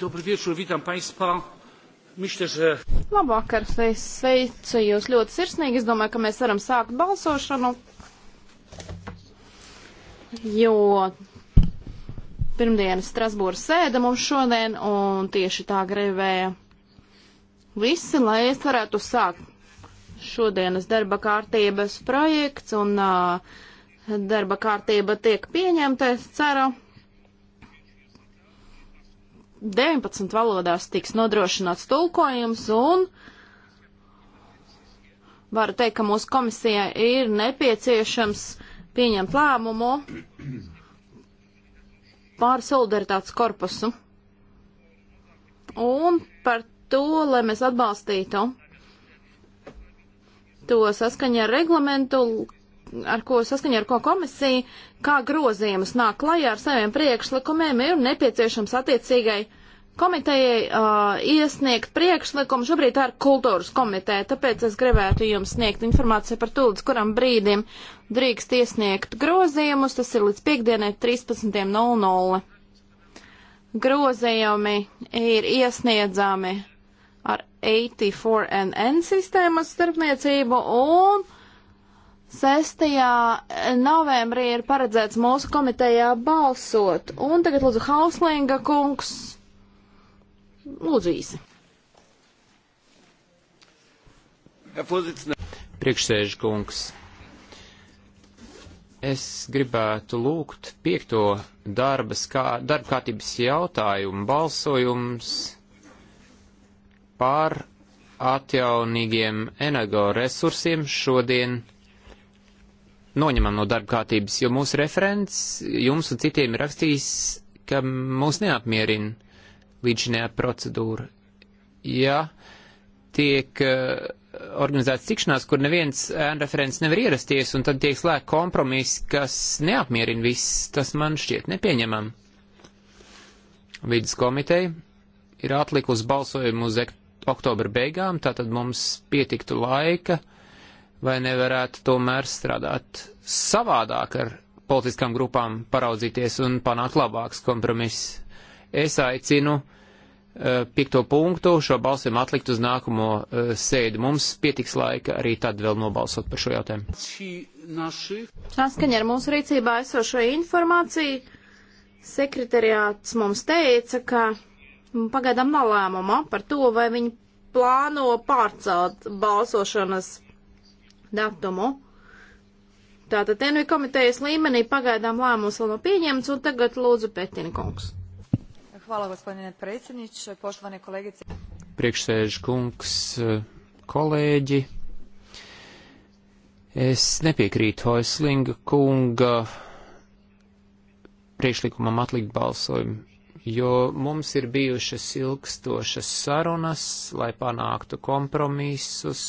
Dobry wieczór, witam Państwa. Myślę, że... Labvakar, sveicu jūs ļoti sirsnīgi. Es domāju, ka mēs varam sākt balsošanu, jo pirmdienas Strasbūras sēda mums šodien, un tieši tā grēvēja visi, lai es varētu sākt šodienas darba kārtības projekts, un uh, darba kārtība tiek pieņemta, es ceru. 19 valodās tiks nodrošināts tulkojums un varu teikt, ka mūsu komisijai ir nepieciešams pieņemt lēmumu pār solidaritātes korpusu un par to, lai mēs atbalstītu to saskaņā ar reglamentu, ar ko saskaņā ar ko komisija, kā grozījumus nāk klajā ar saviem priekšlikumiem, ir nepieciešams attiecīgai komitejai uh, iesniegt priekšlikumu. Šobrīd tā ir kultūras komiteja, tāpēc es gribētu jums sniegt informāciju par to, līdz kuram brīdim drīkst iesniegt grozījumus. Tas ir līdz piekdienai 13.00. Grozījumi ir iesniedzami ar 84NN sistēmas starpniecību un 6. Eh, novembrī ir paredzēts mūsu komitejā balsot. Un tagad lūdzu Hauslinga kungs. Lūdzu īsi. Priekšsēžu kungs. Es gribētu lūgt piekto darbas kā, darba kārtības jautājumu balsojums par atjaunīgiem energoresursiem šodien noņemam no darba kārtības, jo mūsu referents jums un citiem ir rakstījis, ka mūs neapmierina līdzinējā procedūra. Ja tiek uh, organizēts tikšanās, kur neviens ēnu referents nevar ierasties, un tad tiek slēgt kompromis, kas neapmierina viss, tas man šķiet nepieņemam. Vides komiteja ir atlikusi balsojumu uz oktobra beigām, tātad mums pietiktu laika vai nevarētu tomēr strādāt savādāk ar politiskām grupām, paraudzīties un panākt labāks kompromiss. Es aicinu uh, piekto punktu šo balsojumu atlikt uz nākamo uh, sēdi. Mums pietiks laika arī tad vēl nobalsot par šo jautājumu. Saskaņa ar mūsu rīcībā esošo informāciju sekretariāts mums teica, ka pagaidām nav lēmumā par to, vai viņi plāno pārcelt balsošanas datumu. Tātad NV komitejas līmenī pagaidām lēmums vēl nav pieņemts, un tagad lūdzu Pētinkungs. Hvala, gospodine predsjedniče, poštovane kolegice. Priekšsēž kungs, kolēģi. Es nepiekrītu Hoislinga kunga priekšlikumam atlikt balsojumu, jo mums ir bijušas ilgstošas sarunas, lai panāktu kompromisus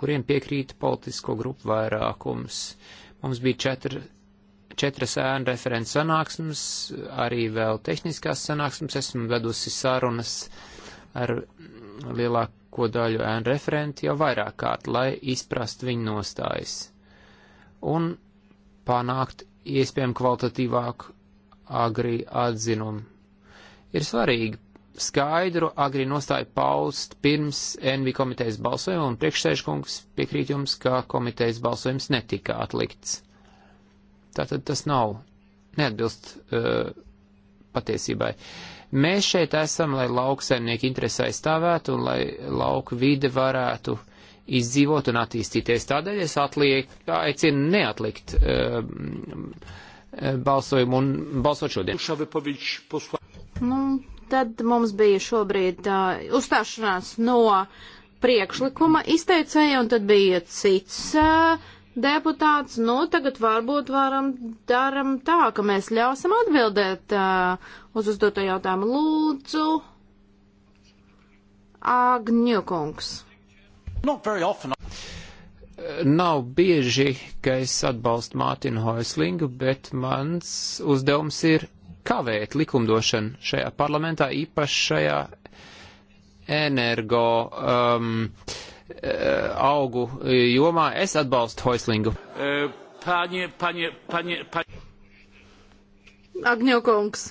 kuriem piekrīt politisko grupu vairākums. Mums bija četri, četras ēnu referents sanāksmes, arī vēl tehniskās sanāksmes. Esmu vedusi sarunas ar lielāko daļu ēnu referentu jau vairāk kārt, lai izprast viņu nostājas un panākt iespējami kvalitatīvāku agri atzinumu. Ir svarīgi skaidru agri nostāju paust pirms NV komitejas balsojuma, un priekšsēžkungs piekrīt jums, ka komitejas balsojums netika atlikts. Tātad tas nav, neatbilst uh, patiesībai. Mēs šeit esam, lai lauksaimnieki interesi aizstāvētu un lai lauku vide varētu izdzīvot un attīstīties. Tādēļ es atliek, aicinu neatlikt um, uh, balsojumu un balsot šodien. Nu, Tad mums bija šobrīd uh, uzstāšanās no priekšlikuma izteicēja, un tad bija cits uh, deputāts. Nu, tagad varbūt varam daram tā, ka mēs ļausim atbildēt uh, uz uzdoto jautājumu. Lūdzu, Agņukungs. Nav bieži, ka es atbalstu Mātinu Hoislingu, bet mans uzdevums ir kavēt likumdošanu šajā parlamentā, īpaši šajā energo um, eh, augu jomā. Es atbalstu Hoislingu. Panie, panie, panie, panie. Agņokungs,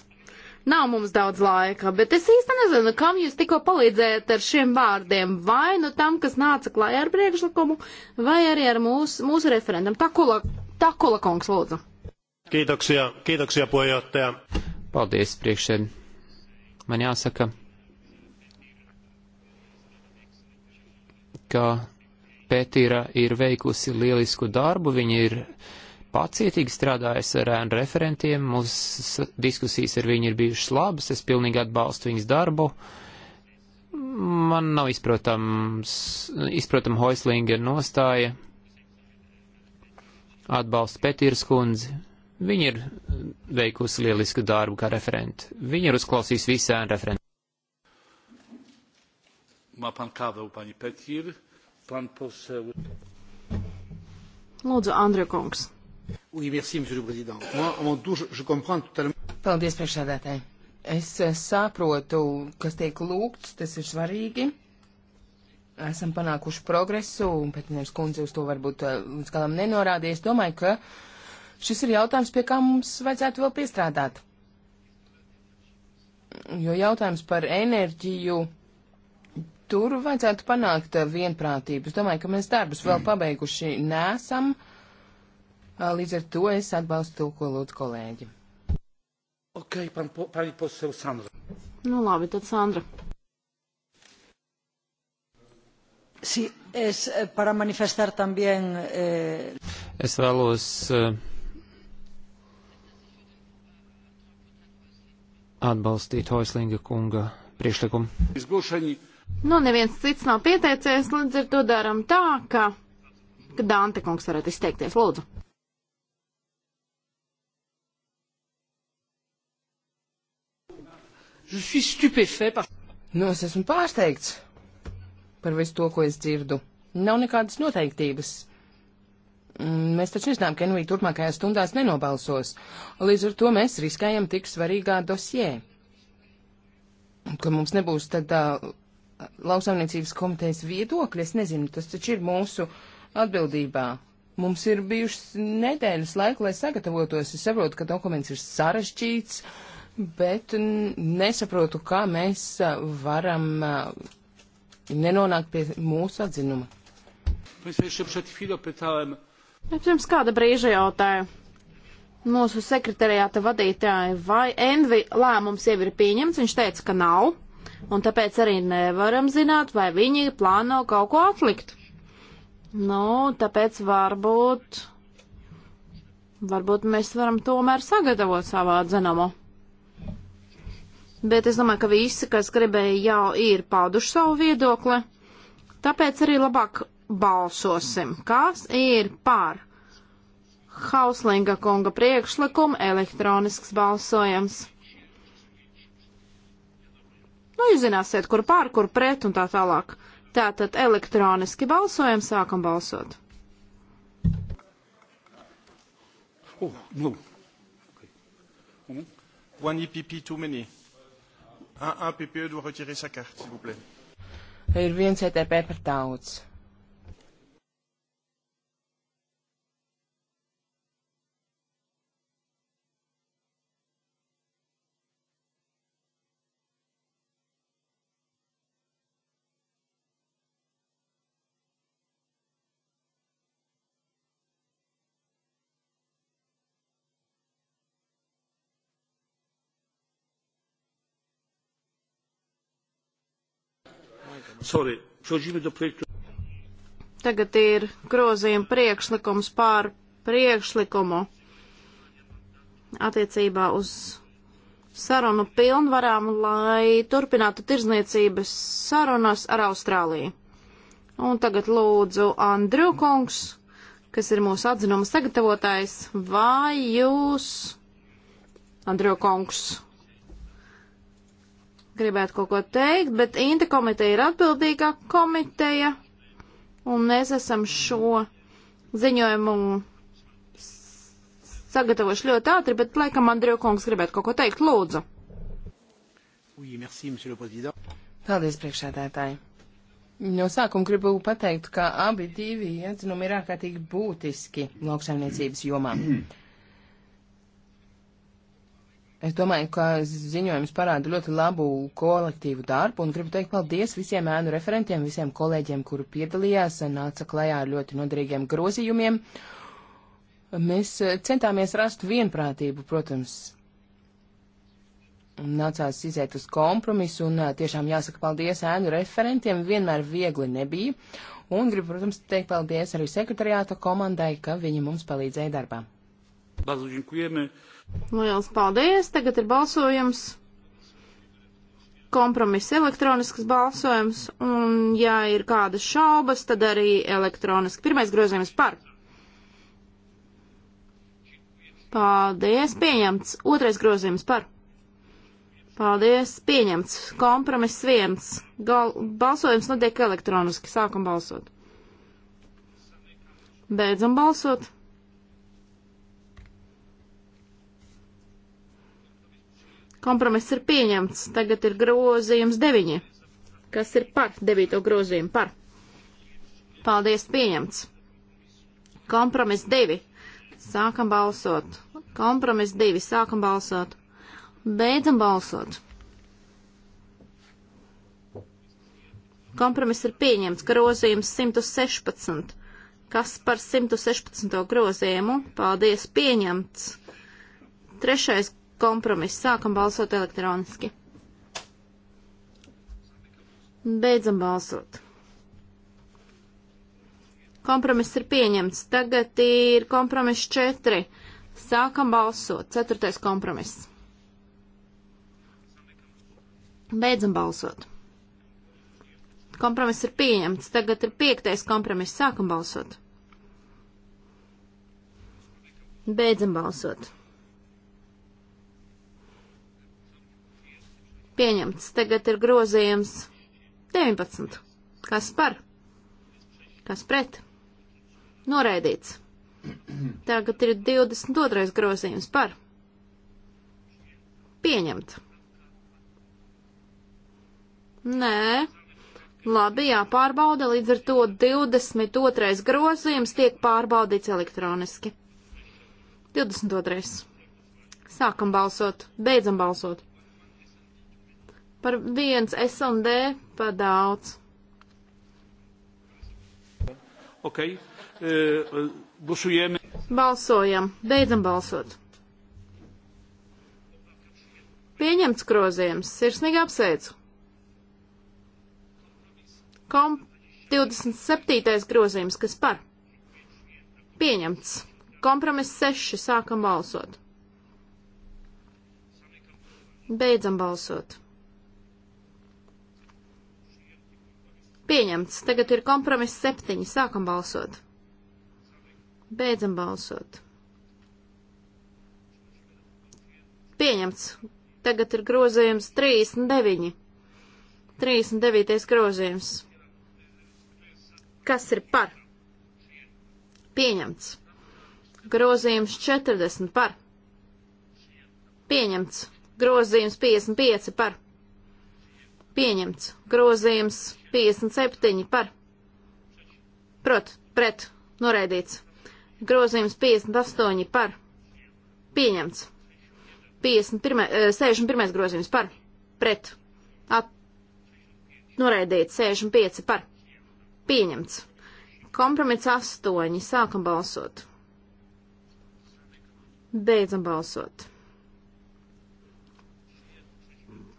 nav mums daudz laika, bet es īsti nezinu, kam jūs tikko palīdzējat ar šiem vārdiem. Vai nu tam, kas nāca klājā ar priekšlikumu, vai arī ar mūsu, mūsu referendumu. Takula, Takula kungs, lūdzu. Kiitoksia, kiitoksia puheenjohtaja. Paldies, priekšēd. Man jāsaka, ka Pētīra ir veikusi lielisku darbu, viņa ir pacietīgi strādājusi ar ēnu referentiem, mūsu diskusijas ar viņu ir bijušas labas, es pilnīgi atbalstu viņas darbu. Man nav izprotams, izprotam Hoislinga nostāja, atbalstu Pētīras kundzi Viņa ir veikusi lielisku darbu kā referenti. Viņa ir uzklausījusi visu ēnu referentu. Ma pan Kavel, pani Petir, pan poseł. Lūdzu, Andrija kungs. Oui, merci, monsieur le président. Moi, avant tout, je, je comprends totalement. Paldies, priekšsēdētāji. Es eh, saprotu, kas tiek lūgts, tas ir svarīgi. Esam panākuši progresu, un pēc tam skundze uz to varbūt eh, līdz galam nenorādīja. Es domāju, ka uh, šis ir jautājums, pie kā mums vajadzētu vēl piestrādāt. Jo jautājums par enerģiju, tur vajadzētu panākt eh, vienprātību. Es domāju, ka mēs darbus vēl pabeiguši nesam. Eh, līdz ar to es atbalstu to, ko lūdzu kolēģi. Ok, pan, pan poseł Sandra. Nu labi, tad Sandra. Sí, es eh, para manifestar también... Eh... Es vēlos eh, atbalstīt Hoislinga kunga priešlikumu. Nu, neviens cits nav pieteicies, līdz ar to darām tā, ka, ka Dante kungs varētu izteikties. Lūdzu. Nu, es esmu pārsteigts par visu to, ko es dzirdu. Nav nekādas noteiktības Mm, mēs taču zinām, ka NV turpmākajās stundās nenobalsos. Līdz ar to mēs riskējam tik svarīgā dosjē, ka mums nebūs tad uh, lauksaimniecības komitejas viedokļi. Es nezinu, tas taču ir mūsu atbildībā. Mums ir bijušas nedēļas laika, lai sagatavotos. Es saprotu, ka dokuments ir sarežģīts, bet nesaprotu, kā mēs varam nenonākt pie mūsu atzinuma. Państwa, jeszcze przed chwilą pytałem Pirms kāda brīža jautāju mūsu sekretariāta vadītāji, vai Envi lēmums jau ir pieņemts, viņš teica, ka nav, un tāpēc arī nevaram zināt, vai viņi plāno kaut ko atlikt. Nu, tāpēc varbūt, varbūt mēs varam tomēr sagatavot savā dzenamu. Bet es domāju, ka visi, kas gribēja, jau ir pauduši savu viedokli. Tāpēc arī labāk balsosim. Kas ir par Hauslinga kunga priekšlikumu elektronisks balsojums? Nu, jūs zināsiet, kur pār, kur pret un tā tālāk. Tātad elektroniski balsojam, sākam balsot. Oh, blue. Nu. Okay. Mm. One EPP too many. Un, un PPE doit retirer sa carte, s'il vous plaît. Ir viens ETP par daudz. Sorry, przechodzimy do projektu. Tagad ir grozījuma priekšlikums pār priekšlikumu attiecībā uz sarunu pilnvarām, lai turpinātu tirzniecības sarunas ar Austrāliju. Un tagad lūdzu Andriu kungs, kas ir mūsu atzinuma sagatavotājs, vai jūs, Andriu kungs, gribētu kaut ko teikt, bet Inta komiteja ir atbildīgā komiteja, un mēs esam šo ziņojumu sagatavojuši ļoti ātri, bet laikam Andriju kungs gribētu kaut ko teikt, lūdzu. Oui, merci, Paldies, priekšsēdētāji. No sākuma gribu pateikt, ka abi divi atzinumi ir ārkārtīgi būtiski lauksaimniecības jomā. Es domāju, ka ziņojums parāda ļoti labu kolektīvu darbu un gribu teikt paldies visiem ēnu referentiem, visiem kolēģiem, kuri piedalījās un nāca klajā ar ļoti noderīgiem grozījumiem. Mēs eh, centāmies rast vienprātību, protams. Nācās iziet uz kompromisu un eh, tiešām jāsaka paldies ēnu referentiem, vienmēr viegli nebija. Un gribu, protams, teikt paldies arī sekretariāta komandai, ka viņi mums palīdzēja darbā. Bardzo dziękujemy. Liels paldies! Tagad ir balsojums. Kompromiss elektronisks balsojums, un ja ir kādas šaubas, tad arī elektroniski. Pirmais grozījums par. Paldies, pieņemts. Otrais grozījums par. Paldies, pieņemts. Kompromiss viens. Gal balsojums notiek elektroniski. Sākam balsot. Beidzam balsot. Kompromiss ir pieņemts. Tagad ir grozījums 9. Kas ir par 9. grozījumu? Par. Paldies, pieņemts. Kompromiss 2. Sākam balsot. Kompromiss 2. Sākam balsot. Beidzam balsot. Kompromiss ir pieņemts. Grozījums 116. Kas par 116. grozījumu? Paldies, pieņemts. Trešais kompromiss. Sākam balsot elektroniski. Beidzam balsot. Kompromiss ir pieņemts. Tagad ir kompromiss 4. Sākam balsot. Ceturtais kompromiss. Beidzam balsot. Kompromiss ir pieņemts. Tagad ir piektais kompromiss. Sākam balsot. Beidzam balsot. Pieņemts. Tagad ir grozījums 19. Kas par? Kas pret? Noraidīts. Tagad ir 22. grozījums par. Pieņemt. Nē. Labi, jāpārbauda, līdz ar to 22. grozījums tiek pārbaudīts elektroniski. 22. Sākam balsot, beidzam balsot. Par viens S un D par daudz. Ok. Uh, e, Busujiem. Balsojam. Beidzam balsot. Pieņemts grozījums. Sirsnīgi apsveicu. Kom 27. grozījums, kas par? Pieņemts. Kompromiss 6. Sākam balsot. Beidzam balsot. Pieņemts. Tagad ir kompromiss septiņi. Sākam balsot. Beidzam balsot. Pieņemts. Tagad ir grozījums 39. 39. grozījums. Kas ir par? Pieņemts. Grozījums 40 par. Pieņemts. Grozījums 55 par. Pieņemts. Grozījums 57 par. Prot, pret, noraidīts. Grozījums 58 par. Pieņemts. 51, 61 eh, grozījums par. Pret. At, noraidīts. 65 par. Pieņemts. Kompromiss 8. Sākam balsot. Beidzam balsot.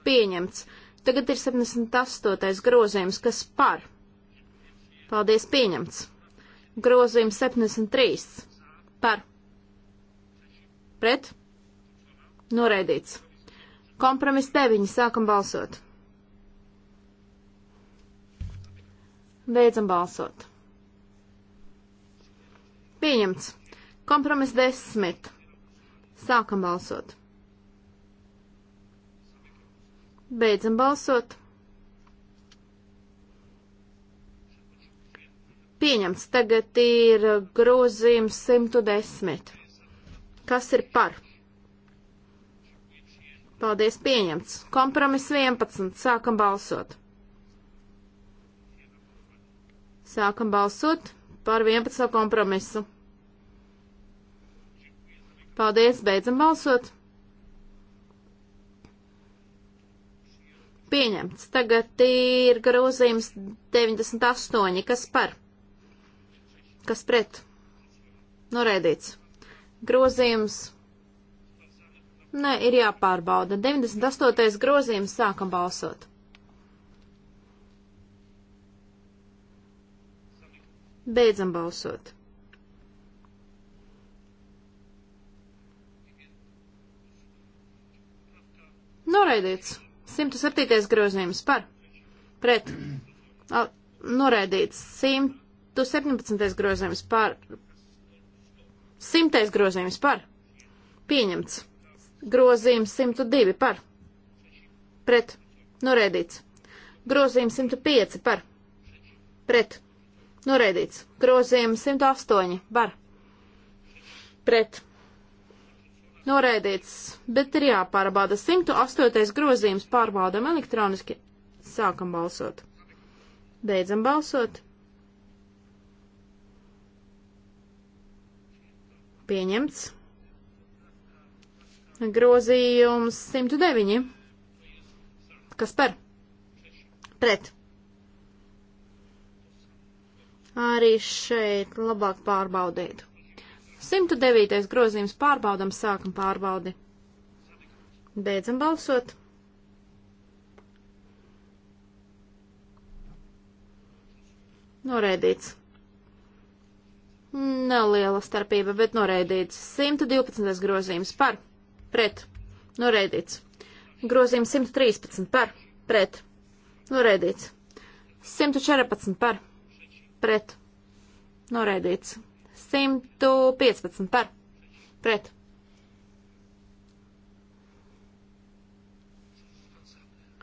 Pieņemts. Tagad ir 78. grozījums, kas par. Paldies, pieņemts. Grozījums 73. Par. Pret. Noraidīts. Kompromis 9. Sākam balsot. Beidzam balsot. Pieņemts. Kompromis 10. Sākam balsot. Beidzam balsot. Pieņemts. Tagad ir grozījums 110. Kas ir par? Paldies, pieņemts. Kompromis 11. Sākam balsot. Sākam balsot par 11. kompromisu. Paldies, beidzam balsot. pieņemts. Tagad ir grozījums 98, kas par, kas pret, norēdīts. Grozījums, nē, ir jāpārbauda. 98. grozījums sākam balsot. Beidzam balsot. Noraidīts. 107. grozījums par pret noraidīts 117. grozījums par 100. grozījums par pieņemts grozījums 102 par pret noraidīts grozījums 105 par pret noraidīts grozījums 108 par pret Noraidīts, bet ir jāpārbauda 108. grozījums pārbaudam elektroniski. Sākam balsot. Beidzam balsot. Pieņemts. Grozījums 109. Kas par? Pret. Arī šeit labāk pārbaudīt. 109. grozījums pārbaudam, sākam pārbaudi. Beidzam balsot. Noraidīts. Neliela starpība, bet noraidīts. 112. grozījums par, pret, noraidīts. Grozījums 113 par, pret, noraidīts. 114 par, pret, noraidīts. 115 par pret.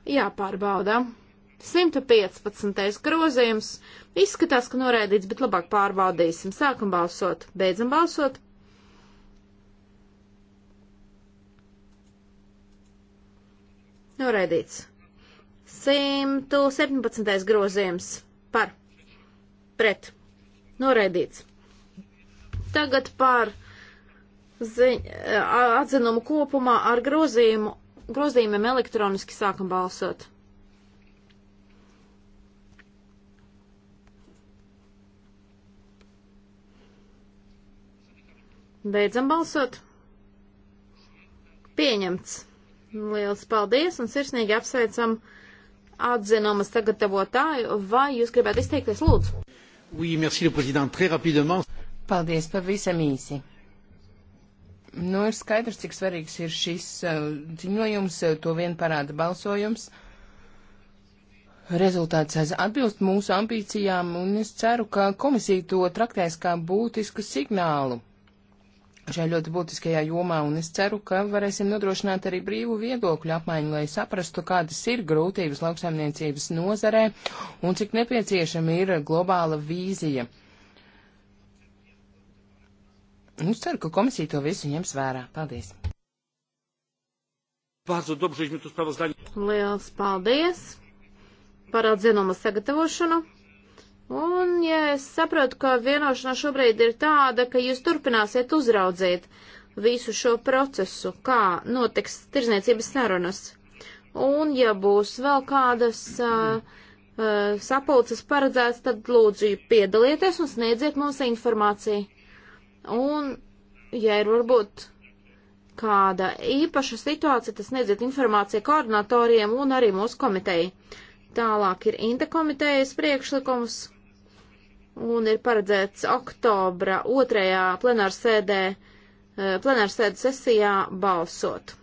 Jāpārbauda. 115. grozījums. Izskatās, ka noraidīts, bet labāk pārbaudīsim. Sākam balsot, beidzam balsot. Noraidīts. 117. grozījums par pret. Noraidīts. Tagad par ziņ, atzinumu kopumā ar grozījumu, grozījumiem elektroniski sākam balsot. Beidzam balsot. Pieņemts. Liels paldies un sirsnīgi apsveicam atzinuma sagatavotāju. Vai jūs gribētu izteikties, lūdzu? Oui, merci, le président. Très rapidement. Paldies pavisam īsi. Nu, ir skaidrs, cik svarīgs ir šis uh, ziņojums, uh, to vien parāda balsojums. Rezultāts atbilst mūsu ambīcijām, un es ceru, ka komisija to traktēs kā būtisku signālu šajā ļoti būtiskajā jomā, un es ceru, ka varēsim nodrošināt arī brīvu viedokļu apmaiņu, lai saprastu, kādas ir grūtības lauksaimniecības nozarē un cik nepieciešama ir globāla vīzija. Nu, ceru, ka komisija to visu ņems vērā. Paldies! Lielas paldies par atzinumu sagatavošanu. Un, ja es saprotu, ka vienošanās šobrīd ir tāda, ka jūs turpināsiet uzraudzīt visu šo procesu, kā notiks tirzniecības sarunas. Un, ja būs vēl kādas uh, uh, sapulces paredzētas, tad lūdzu piedalieties un sniedziet mums informāciju. Un, ja ir varbūt kāda īpaša situācija, tas nedziet informāciju koordinatoriem un arī mūsu komiteju. Tālāk ir Inta komitejas priekšlikums un ir paredzēts oktobra otrajā plenārsēdē, eh, plenārsēdes sesijā balsot.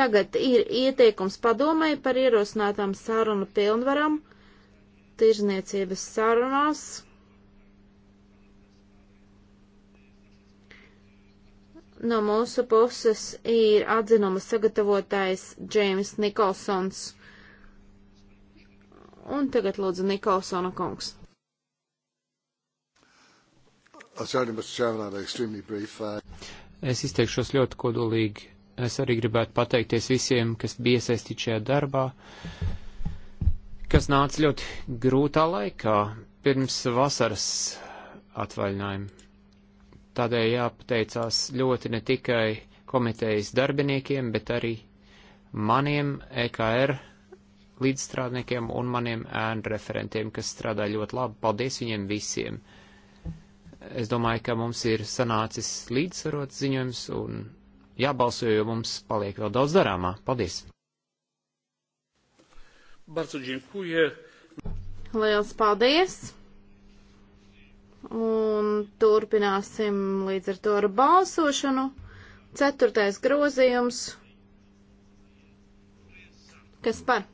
Tagad ir ieteikums padomai par ierosinātām sarunu pilnvaram tirzniecības sarunās no mūsu puses ir atzinuma sagatavotājs Džeims Nikolsons. Un tagad lūdzu Nikolsona kungs. Es izteikšos ļoti kodolīgi. Es arī gribētu pateikties visiem, kas bija iesaistīti šajā darbā, kas nāca ļoti grūtā laikā pirms vasaras atvaļinājuma Tādēļ jāpateicās ļoti ne tikai komitejas darbiniekiem, bet arī maniem EKR līdzstrādniekiem un maniem ēnu referentiem, kas strādā ļoti labi. Paldies viņiem visiem! Es domāju, ka mums ir sanācis līdzsvarots ziņojums un jābalso, jo mums paliek vēl daudz darāmā. Paldies! Bardzo dziękuję. Liels paldies! Un turpināsim līdz ar to ar balsošanu. Ceturtais grozījums. Kas par?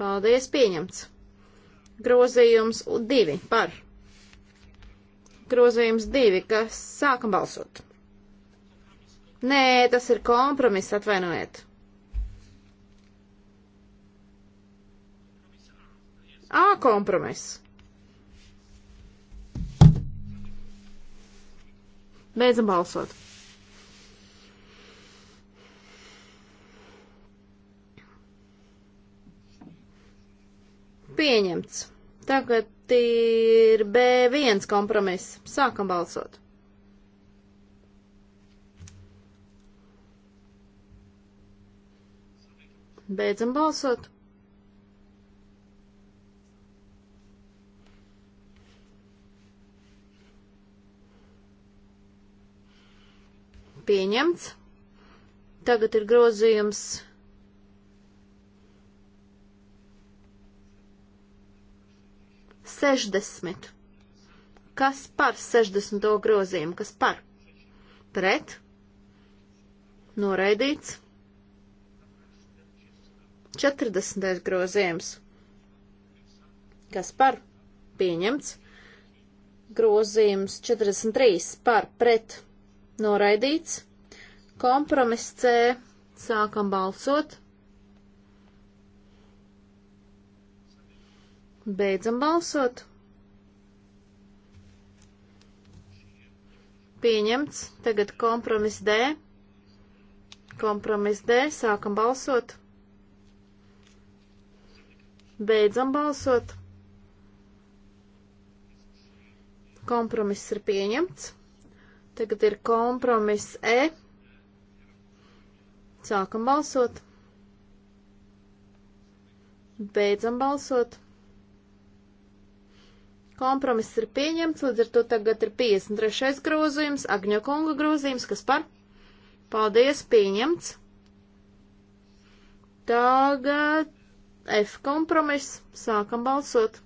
Paldies, pieņemts. Grozījums divi par. Grozījums divi, kas sākam balsot. Nē, tas ir kompromiss, atvainojiet. A kompromiss. Beidzam balsot. Pieņemts. Tagad ir B1 kompromiss. Sākam balsot. Beidzam balsot. pieņemts. Tagad ir grozījums. Sešdesmit. Kas par 60. grozījumu? Kas par? Pret? Noraidīts. 40. grozījums. Kas par? Pieņemts. Grozījums 43 par pret noraidīts. Kompromiss C. Sākam balsot. Beidzam balsot. Pieņemts. Tagad kompromiss D. Kompromiss D. Sākam balsot. Beidzam balsot. Kompromiss ir pieņemts. Tagad ir kompromiss E. Sākam balsot. Beidzam balsot. Kompromiss ir pieņemts, līdz ar to tagad ir 53. grozījums, Agņokonga grozījums, kas par? Paldies, pieņemts. Tagad F kompromiss, sākam balsot.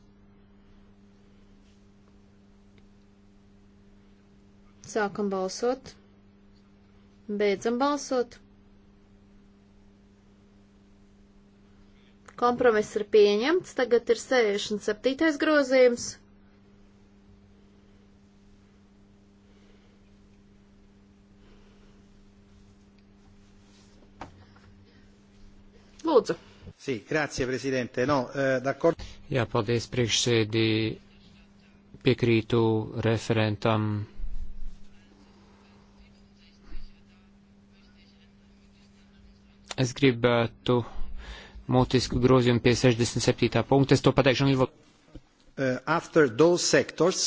Sākam balsot. Beidzam balsot. Kompromiss ir pieņemts, tagad ir 67. grozījums. Lūdzu. Sī, grācie, prezidente. No, eh, d'accord. Jā, paldies priekšsēdī. Piekrītu referentam Es gribētu mutisku grozījumu pie 67. punkta. Es to pateikšu angļu valodā. Uh, after those sectors,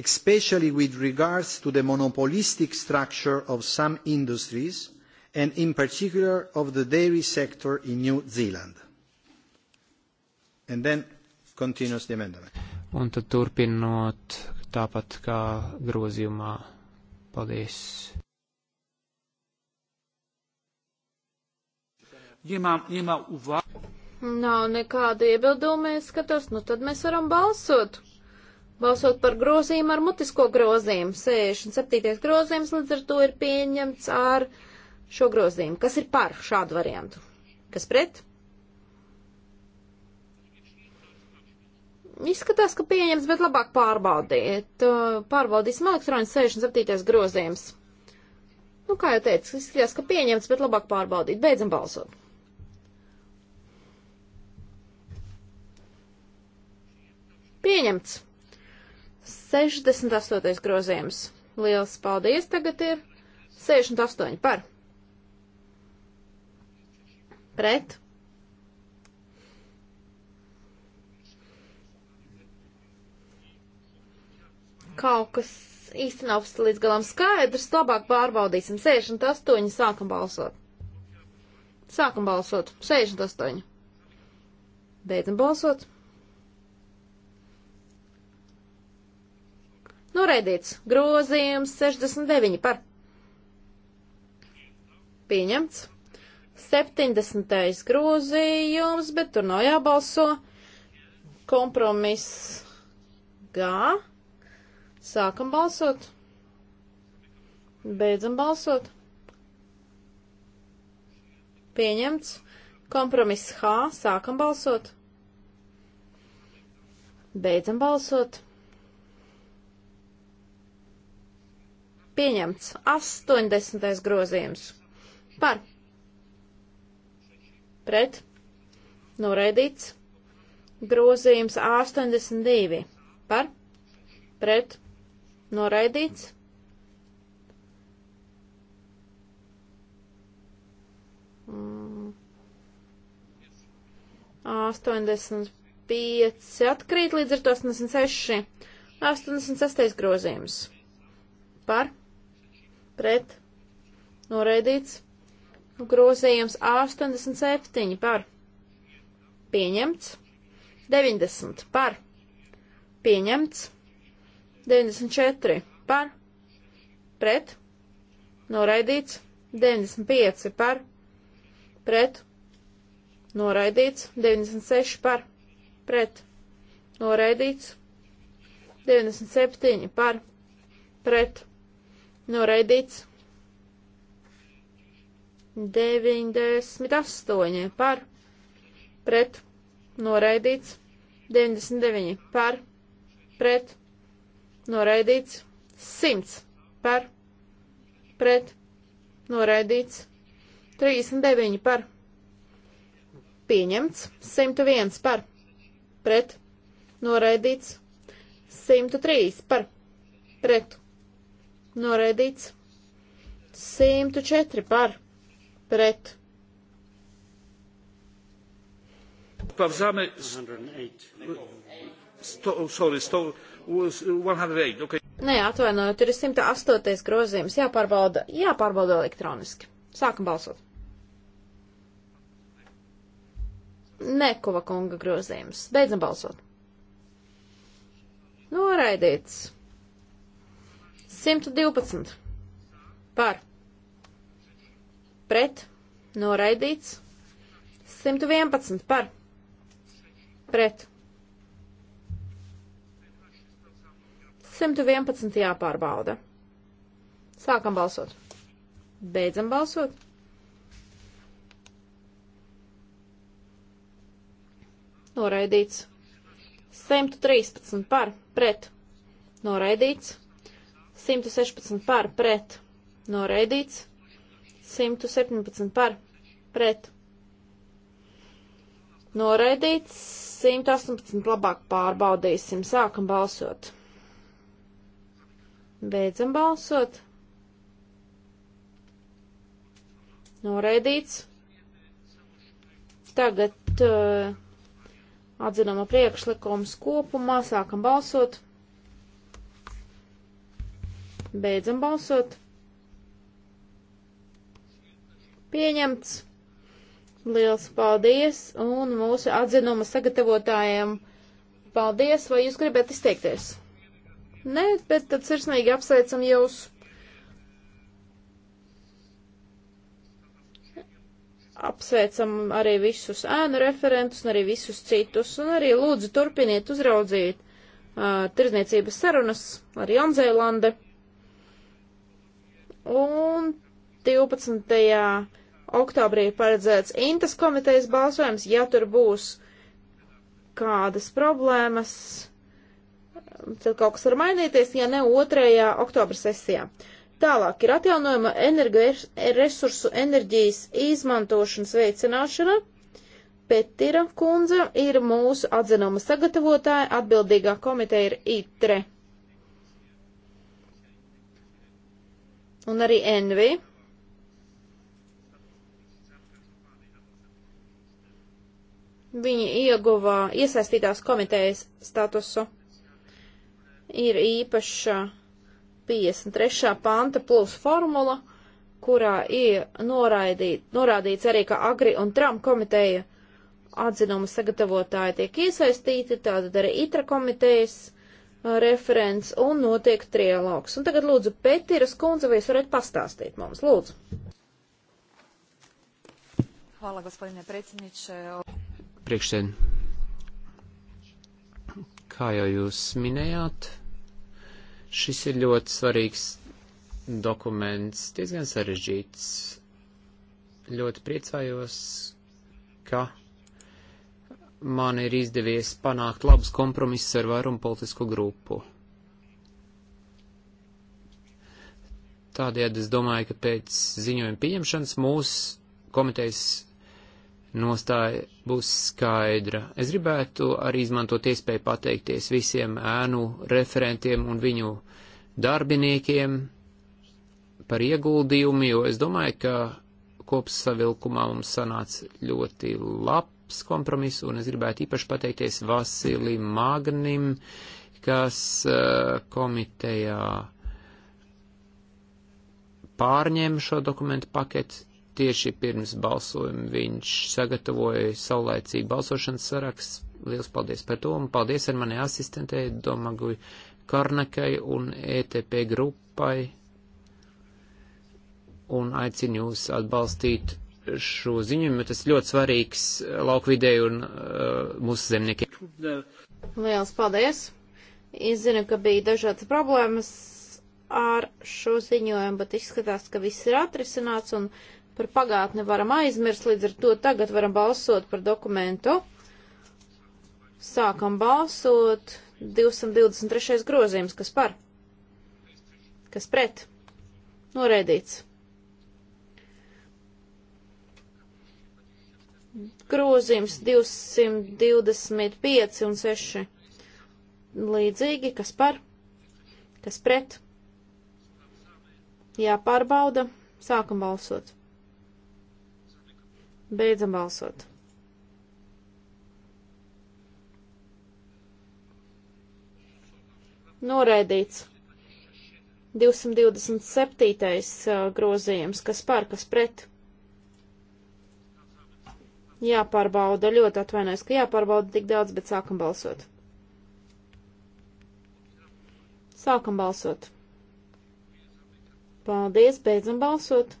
especially with regards to the monopolistic structure of some industries, and in particular of the dairy sector in New Zealand. And then continues the amendment. Un tad turpinot tāpat kā grozījumā. Paldies. Nie ma, nie ma uwag. Nav nekāda iebilduma, es skatos, nu tad mēs varam balsot. Balsot par grozījumu ar mutisko grozījumu. 67. grozījums līdz ar to ir pieņemts ar šo grozījumu. Kas ir par šādu variantu? Kas pret? Izskatās, ka pieņems, bet labāk pārbaudiet. Uh, pārbaudīsim elektronis 67. grozījums. Nu, kā jau teicu, izskatījās, ka pieņemts, bet labāk pārbaudīt. Beidzam balsot. Pieņemts. 68. grozījums. Liels paldies tagad ir 68 par. Pret. Kaut kas īsti nav līdz galam skaidrs, labāk pārbaudīsim. 68 sākam balsot. Sākam balsot. 68. Beidzam balsot. Noraidīts. Grozījums 69 par. Pieņemts. 70. grozījums, bet tur nav jābalso. Kompromiss gā. Sākam balsot. Beidzam balsot. Pieņemts. Kompromiss H. Sākam balsot. Beidzam balsot. Pieņemts 80. grozījums. Par. Pret. Noraidīts. Grozījums 82. Par. Pret. Noraidīts. Mm. 85 atkrīt līdz ar to 86. 86. grozījums. Par pret noraidīts. Grozījums 87 par pieņemts. 90 par pieņemts. 94 par pret noraidīts. 95 par pret noraidīts. 96 par pret noraidīts. 97 par pret noraidīts. Noraidīts. 98 par. Pret. Noraidīts. 99 par. Pret. Noraidīts. 100 par. Pret. Noraidīts. 39 par. Pieņemts. 101 par. Pret. Noraidīts. 103 par. Pret noraidīts 104 par pret. Sprawdzamy. 100, sorry, 100, 108, okay. Nē, atvainojiet, ir 108. grozījums. Jāpārbauda, jāpārbauda elektroniski. Sākam balsot. Nekova kunga grozījums. Beidzam balsot. Noraidīts. 112 par pret noraidīts 111 par pret 111 jāpārbauda. Sākam balsot. Beidzam balsot. Noraidīts. 113 par pret. Noraidīts. 116 par pret noraidīts, 117 par pret noraidīts, 118 labāk pārbaudīsim, sākam balsot. Beidzam balsot. Noraidīts. Tagad uh, atzinama priekšlikums kopumā, sākam balsot. Beidzam balsot. Pieņemts. Liels paldies un mūsu atzinuma sagatavotājiem. Paldies, vai jūs gribat izteikties? Nē, bet tad sirsnīgi apsveicam jūs. Apsveicam arī visus ēnu referentus un arī visus citus. Un arī lūdzu turpiniet uzraudzīt uh, tirzniecības sarunas ar Jaunzēlandi. Un 12. oktobrī ir paredzēts Intas komitejas balsojums, ja tur būs kādas problēmas, tad kaut kas var mainīties, ja ne 2. oktobra sesijā. Tālāk ir atjaunojama energoresursu enerģijas izmantošanas veicināšana. Petira kundze ir mūsu atzinuma sagatavotāja, atbildīgā komiteja ir ITRE. un arī Envi. Viņi ieguva iesaistītās komitejas statusu. Ir īpaša 53. panta plus formula, kurā ir noraidīt, norādīts arī, ka Agri un Tram komiteja atzinumu sagatavotāji tiek iesaistīti, tātad arī ITRA komitejas referents un notiek trialogs. Un tagad lūdzu Petiras kundze, vai jūs varētu pastāstīt mums, lūdzu. Hvala, gospodine predsjedniče. Priekšsēd. Kā jau jūs minējāt, šis ir ļoti svarīgs dokuments, diezgan sarežģīts. Ļoti priecājos, ka man ir izdevies panākt labus kompromisus ar vairumu politisko grupu. Tādējādi es domāju, ka pēc ziņojuma pieņemšanas mūsu komitejas nostāja būs skaidra. Es gribētu arī izmantot iespēju pateikties visiem ēnu referentiem un viņu darbiniekiem par ieguldījumu, jo es domāju, ka kopsavilkumā mums sanāca ļoti lab, labs kompromiss, un es gribētu īpaši pateikties Vasilim Magnim, kas eh, komitejā pārņēma šo dokumentu paketi. Tieši pirms balsojuma viņš sagatavoja saulēcīgu balsošanas sarakstu. Liels paldies par to, un paldies ar mani asistentei Domagui Karnakai un ETP grupai un aicinu jūs atbalstīt šo ziņojumu, jo tas ļoti svarīgs eh, laukvidēju un uh, mūsu zemniekiem. Liels paldies! Es zinu, ka bija dažādas problēmas ar šo ziņojumu, bet izskatās, ka viss ir atrisināts un par pagātni varam aizmirst, līdz ar to tagad varam balsot par dokumentu. Sākam balsot 223. grozījums, kas par, kas pret, noraidīts. grozījums 225 un 6 līdzīgi, kas par, kas pret. Jāpārbauda, sākam balsot. Beidzam balsot. Noraidīts. 227. Uh, grozījums, kas par, kas pret Jāpārbauda, ļoti atvainojos, ka jāpārbauda tik daudz, bet sākam balsot. Sākam balsot. Paldies, beidzam balsot.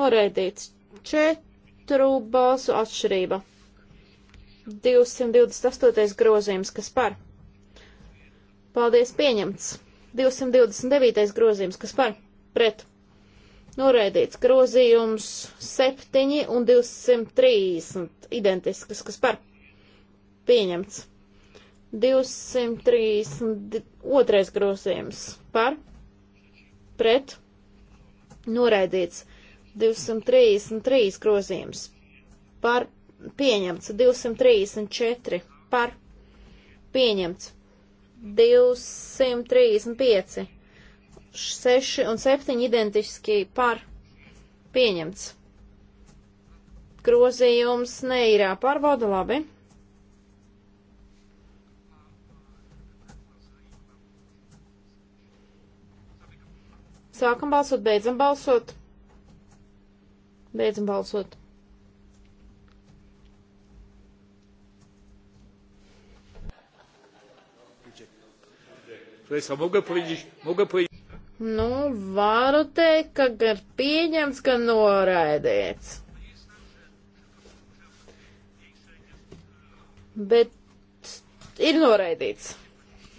Noreidīts četru balsu atšķirība. 228. grozījums, kas par. Paldies, pieņemts. 229. grozījums, kas par. Pret. Noraidīts grozījums 7 un 230 identiskas, kas par pieņemts. 232 grozījums par pret noraidīts. 233 grozījums par pieņemts. 234 par pieņemts. 235 6 un 7 identiski par pieņemts. Grozījums neīrā pārbauda labi. Sākam balsot, beidzam balsot. Beidzam balsot. Mogę powiedzieć, mogę powiedzieć. Nu, varu teikt, ka gan pieņemts, gan noraidīts. Bet ir noraidīts.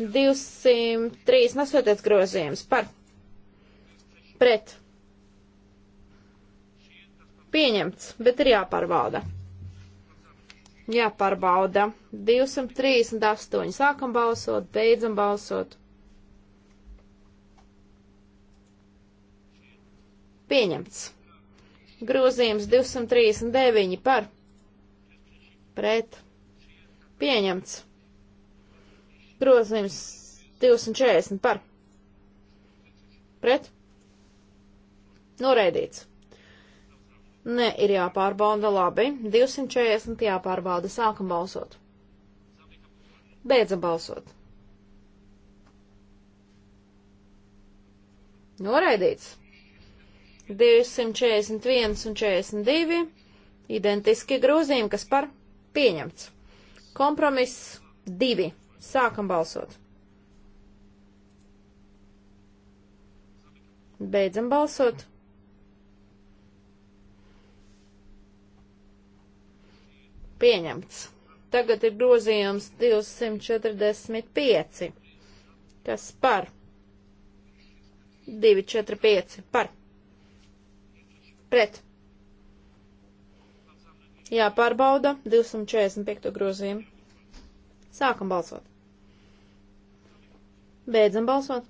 203 nesoties grozījums par pret. Pieņemts, bet ir jāpārbauda. Jāpārbauda. 238. Sākam balsot, beidzam balsot. Pieņemts. Grozījums 239 par. Pret. Pieņemts. Grozījums 240 par. Pret. Noraidīts. Nē, ir jāpārbauda labi. 240 jāpārbauda. Sākam balsot. Beidzam balsot. Noraidīts. 241 un 42 identiski grozījumi, kas par pieņemts. Kompromiss 2. Sākam balsot. Beidzam balsot. Pieņemts. Tagad ir grozījums 245. Kas par? 245. Par. Pret. Jāpārbauda 245. grozījumu. Sākam balsot. Beidzam balsot.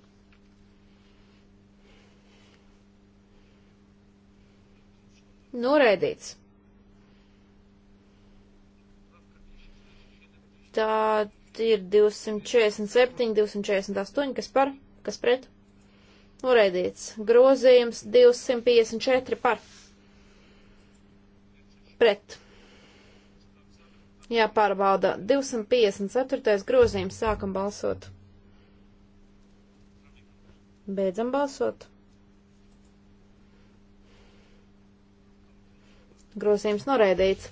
Noraidīts. Tā ir 247, 248, kas par, kas pret? Noraidīts. Grozījums 254 par. Pret. Jāpārbauda 254. grozījums. Sākam balsot. Beidzam balsot. Grozījums noraidīts.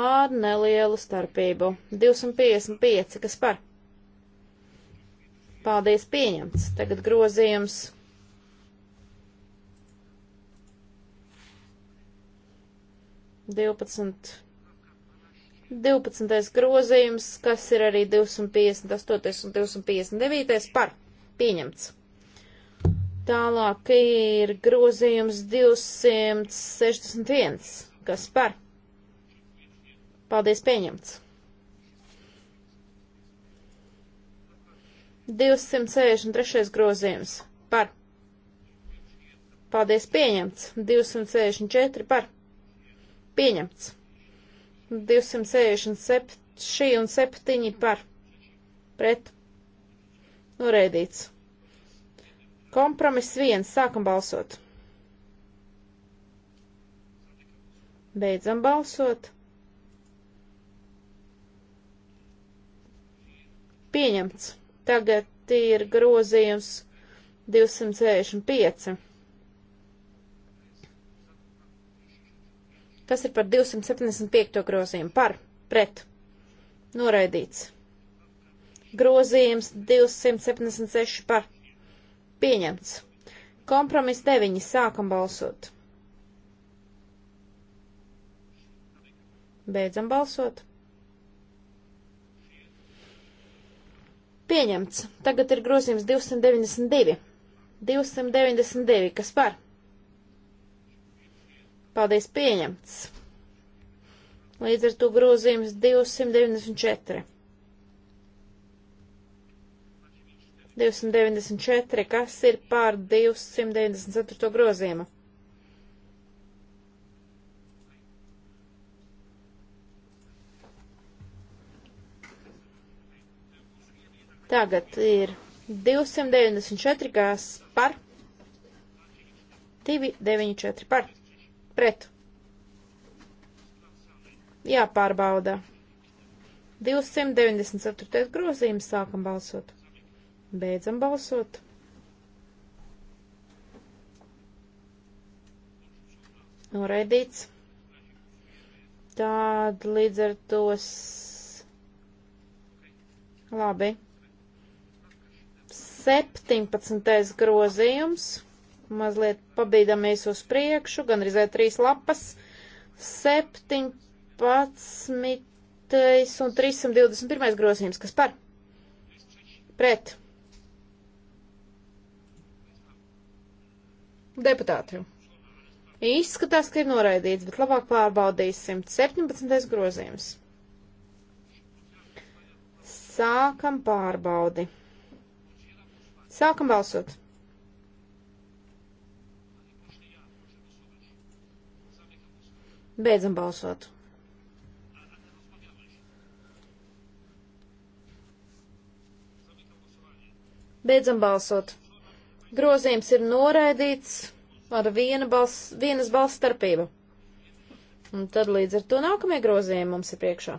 Ar nelielu starpību. 255. Kas par? Paldies, pieņemts. Tagad grozījums. Divpadsmit. 12. 12. grozījums, kas ir arī 258 un 259 par pieņemts. Tālāk ir grozījums 261, kas par. Paldies, pieņemts. 263. grozījums par. Paldies, pieņemts. 264 par. Pieņemts. 267 un 7 par. Pret. Noreidīts. Kompromiss 1. Sākam balsot. Beidzam balsot. Pieņemts. Tagad ir grozījums 265. Kas ir par 275. grozījumu? Par, pret, noraidīts. Grozījums 276 par, pieņemts. Kompromiss 9. Sākam balsot. Beidzam balsot. Pieņemts. Tagad ir grozījums 292. 292. Kas par? Paldies, pieņemts. Līdz ar to grozījums 294. 294. Kas ir pār 294. grozījumu? Tagad ir 294 gās par 294 par pret. Jāpārbauda. 294. grozījums sākam balsot. Beidzam balsot. Noraidīts. Tāda līdz ar tos. Labi. 17. grozījums, mazliet pabīdamies uz priekšu, gan arī trīs lapas, 17. un 321. grozījums, kas par? Pret. Deputāti. Izskatās, ka ir noraidīts, bet labāk pārbaudīsim. 17. grozījums. Sākam pārbaudi. Sākam balsot. Beidzam balsot. Beidzam balsot. Grozījums ir noraidīts ar viena balss, vienas balss starpību. Un tad līdz ar to nākamie grozījumi mums ir priekšā.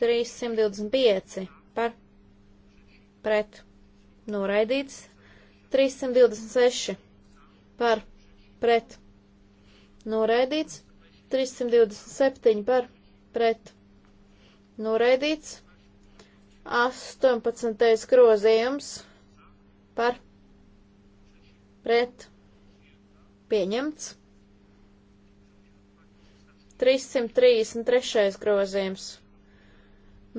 325 par pret noraidīts, 326 par pret noraidīts, 327 par pret noraidīts, 18. grozījums par pret pieņemts. 333. grozījums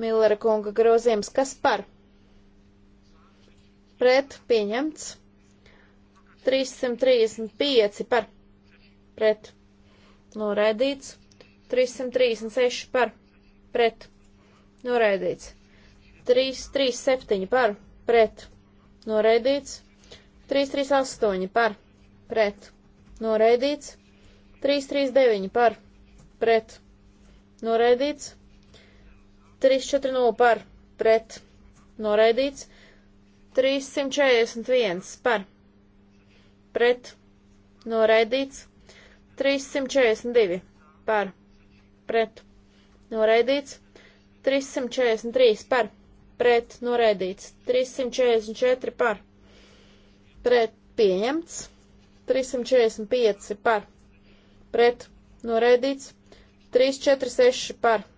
Millera kunga grozījums, kas par pret pieņemts 335 par pret noraidīts 336 par pret noraidīts 337 par pret noraidīts 338 par pret noraidīts 339 par pret noraidīts 340 par pret noraidīts, 341 par pret noraidīts, 342 par pret noraidīts, 343 par pret noraidīts, 344 par pret pieņemts, 345 par pret noraidīts, 346 par pret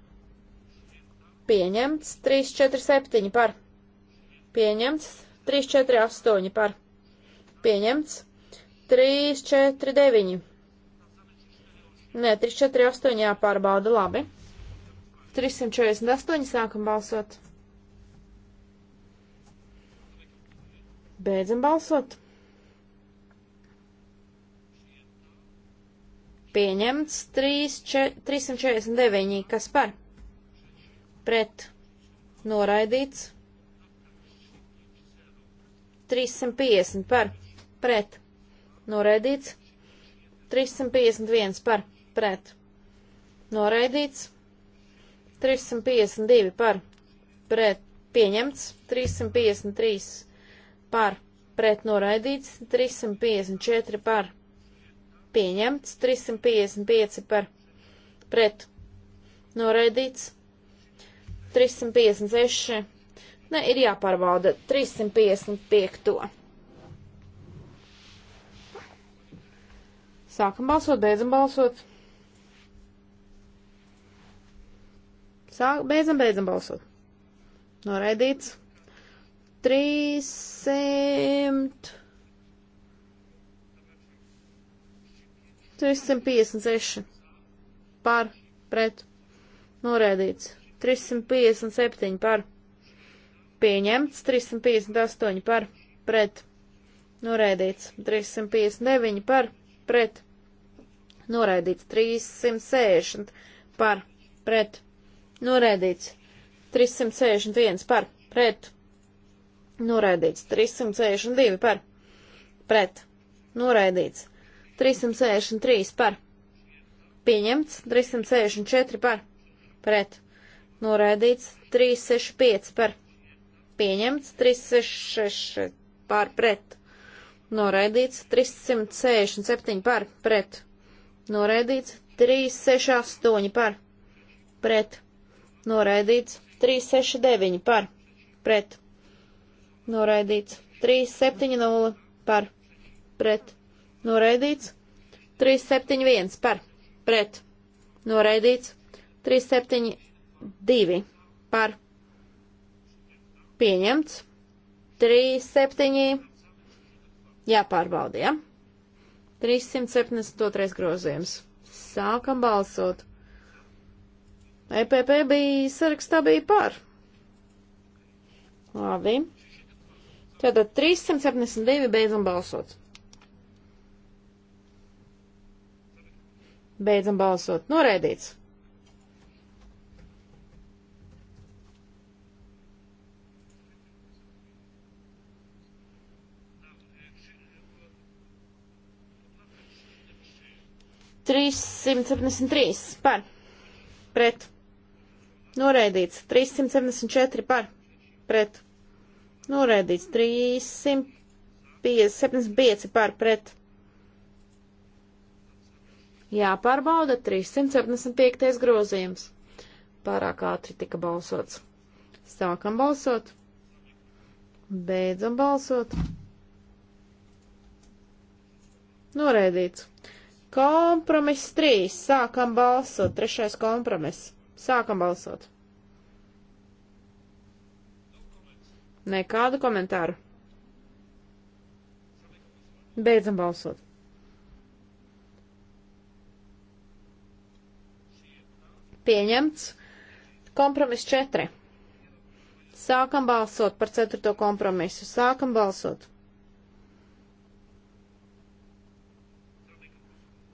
Pieņemts 347 par. Pieņemts 348 par. Pieņemts 349. Nē, 348 jāpārbauda labi. 348 sākam balsot. Beidzam balsot. Pieņemts 3, 4, 349, kas par? pret noraidīts. 350 par pret noraidīts. 351 par pret noraidīts. 352 par pret pieņemts. 353 par pret noraidīts. 354 par pieņemts. 355 par pret noraidīts. 356. Ne, ir jāpārbauda 355. To. Sākam balsot, beidzam balsot. Sāk, beidzam, beidzam balsot. Noraidīts. 300. 356 par pret noraidīts. 357 par pieņemts, 358 par pret noraidīts, 359 par pret noraidīts, 360 par pret noraidīts, 361 par pret noraidīts, 362 par pret noraidīts, 363 par pieņemts, 364 par pret Noraidīts 365 par pieņemts, 366 par pret. Noraidīts 367 par pret. Noraidīts 368 par pret. Noraidīts 369 par pret. Noraidīts 370 par pret. Noraidīts 371 par pret. Noraidīts 371 2 par pieņemts, 3, 7 jāpārbaudīja. 372. grozījums. Sākam balsot. EPP bija sarakstā bija par. Labi. Tātad 372 beidzam balsot. Beidzam balsot. Noraidīts. 373 par pret. Noraidīts 374 par pret. Noraidīts 375 par pret. Jāpārbauda 375. grozījums. Pārāk ātri tika balsots. Sākam balsot. Beidzam balsot. Noraidīts. Kompromiss 3. Sākam balsot. Trešais kompromiss. Sākam balsot. Nekādu komentāru. Beidzam balsot. Pieņemts. Kompromiss 4. Sākam balsot par ceturto kompromisu. Sākam balsot.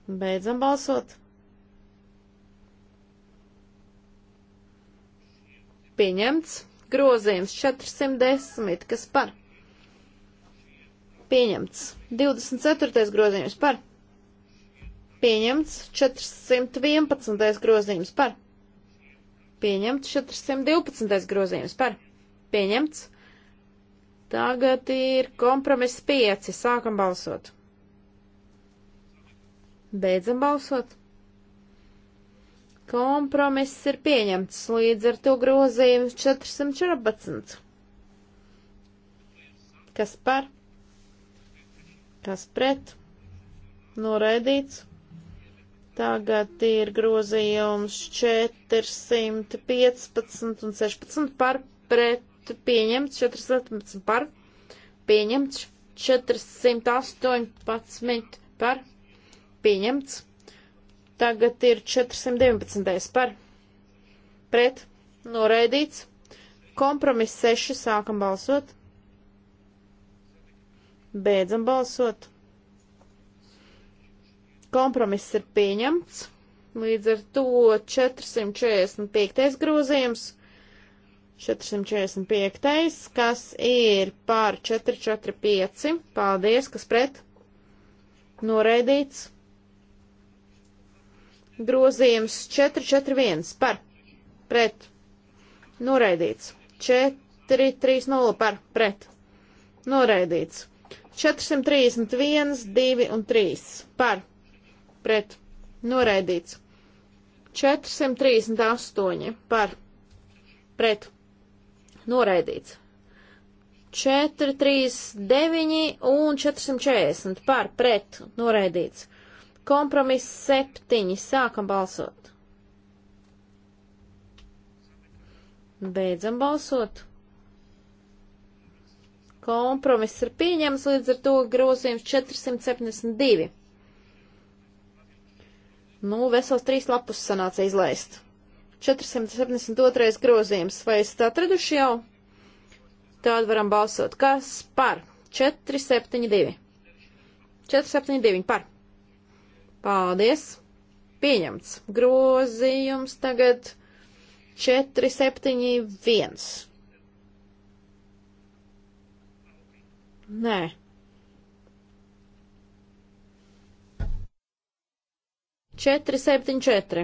Beidzam balsot. Pieņemts. Grozījums 410, kas par? Pieņemts. 24. grozījums par? Pieņemts. 411. grozījums par? Pieņemts. 412. grozījums par? Pieņemts. Tagad ir kompromiss 5. Sākam balsot. Beidzam balsot. Kompromiss ir pieņemts, līdz ar to grozījums 414. Kas par? Kas pret? Noraidīts. Tagad ir grozījums 415 un 16 par pret pieņemts, 417 par pieņemts, 418 par pieņemts. Tagad ir 411. par pret noraidīts. Kompromiss 6 sākam balsot. Beidzam balsot. Kompromiss ir pieņemts. Līdz ar to 445. grozījums. 445. kas ir par 445. Paldies, kas pret. Noraidīts. Grozījums 441 par pret. Noraidīts. 430 par pret. Noraidīts. 431, 2 un 3 par pret. Noraidīts. 438 par pret. Noraidīts. 439 un 440 par pret. Noraidīts. Kompromiss septiņi. Sākam balsot. Beidzam balsot. Kompromiss ir pieņems līdz ar to grozījums 472. Nu, vesels trīs lapus sanāca izlaist. 472. grozījums. Vai esat atraduši jau? Tādu varam balsot. Kas par? 472. 472 par. Paldies! Pieņemts. Grozījums tagad 471. Nē. Četri, septiņi, četri.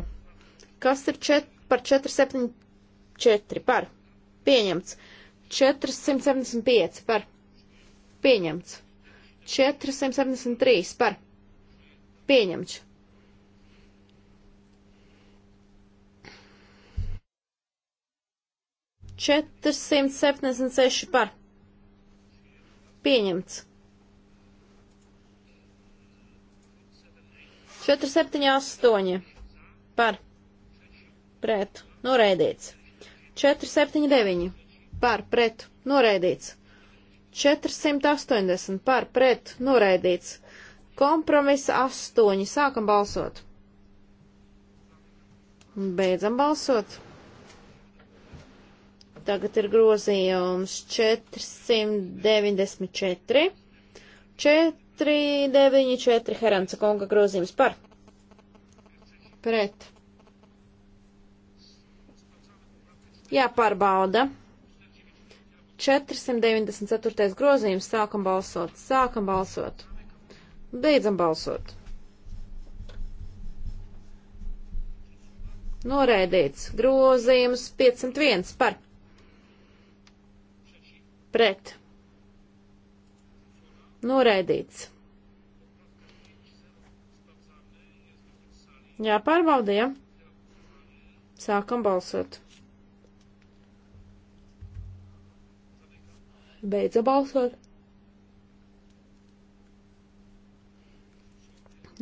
Kas ir čet, par 474 par. Pieņemts. 475 par. Pieņemts. 473 par. Pieņemts. Četrsimt septiņdesmit seši par. Pieņemts. 478 par pret noraidīts. 479 par pret noraidīts. 480 par pret noraidīts. Kompromisa astoņi. Sākam balsot. Beidzam balsot. Tagad ir grozījums 494. 494 Heranca konga grozījums par. Pret. Jāpārbauda. 494. grozījums. Sākam balsot. Sākam balsot. Beidzam balsot. Noraidīts grozījums 501 par pret. Noraidīts. Jā, pārbaudījām. Sākam balsot. Beidza balsot.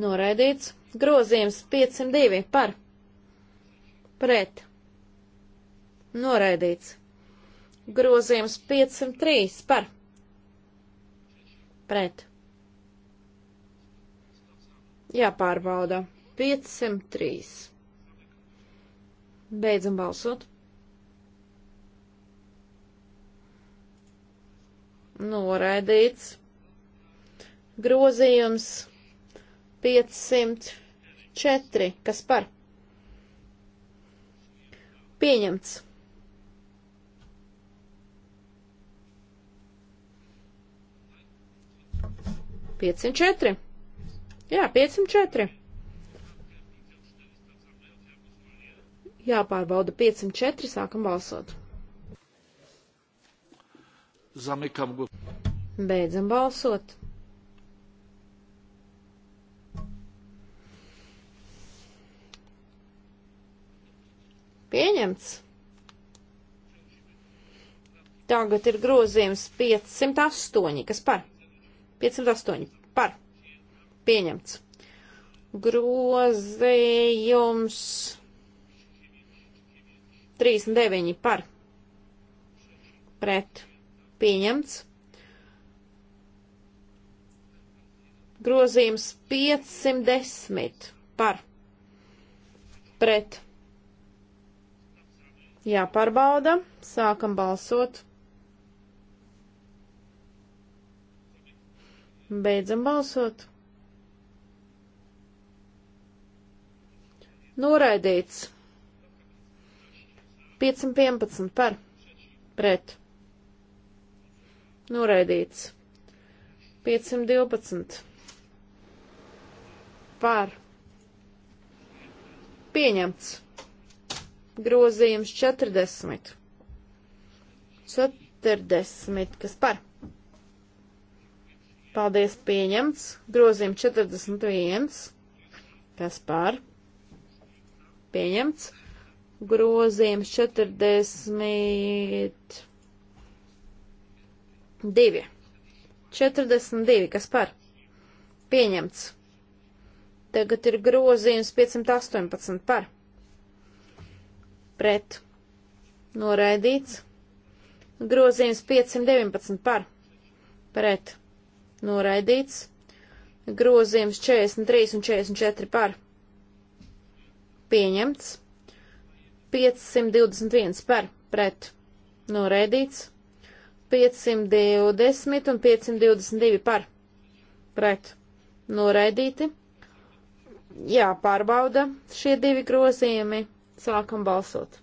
Noraidīts. Grozījums 502 par. Pret. Noraidīts. Grozījums 503 par. Pret. Jāpārbauda. 503. Beidzam balsot. Noraidīts. Grozījums 504. 504. Kas par? Pieņemts. Piecsimt četri. Jā, piecsimt četri. Jāpārbauda 504, sākam balsot. Zamikam. Beidzam balsot. Pieņemts. Tagad ir grozījums 508, kas par? 508 par. Pieņemts. Grozījums 39 par. Pret. Pieņemts. Grozījums 510 par. Pret. Jāpārbauda. Sākam balsot. Beidzam balsot. Noraidīts. 511 par. Pret. Noraidīts. 512 par. Pieņemts grozījums 40. 40, kas par? Paldies, pieņemts. Grozījums 41, kas par? Pieņemts. Grozījums 42. 42, kas par? Pieņemts. Tagad ir grozījums 518 par pret noraidīts. Grozījums 519 par pret noraidīts. Grozījums 43 un 44 par pieņemts. 521 par pret noraidīts. 520 un 522 par pret noraidīti. Jāpārbauda šie divi grozījumi. Sākam balsot.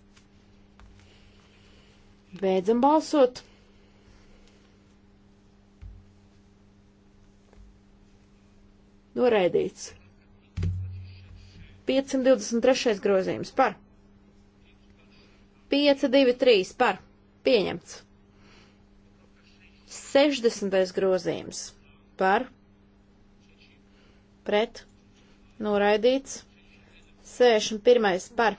Beidzam balsot. Noraidīts. 523. grozījums par. 523 par. Pieņemts. 60. grozījums par. Pret. Noraidīts. 61. par.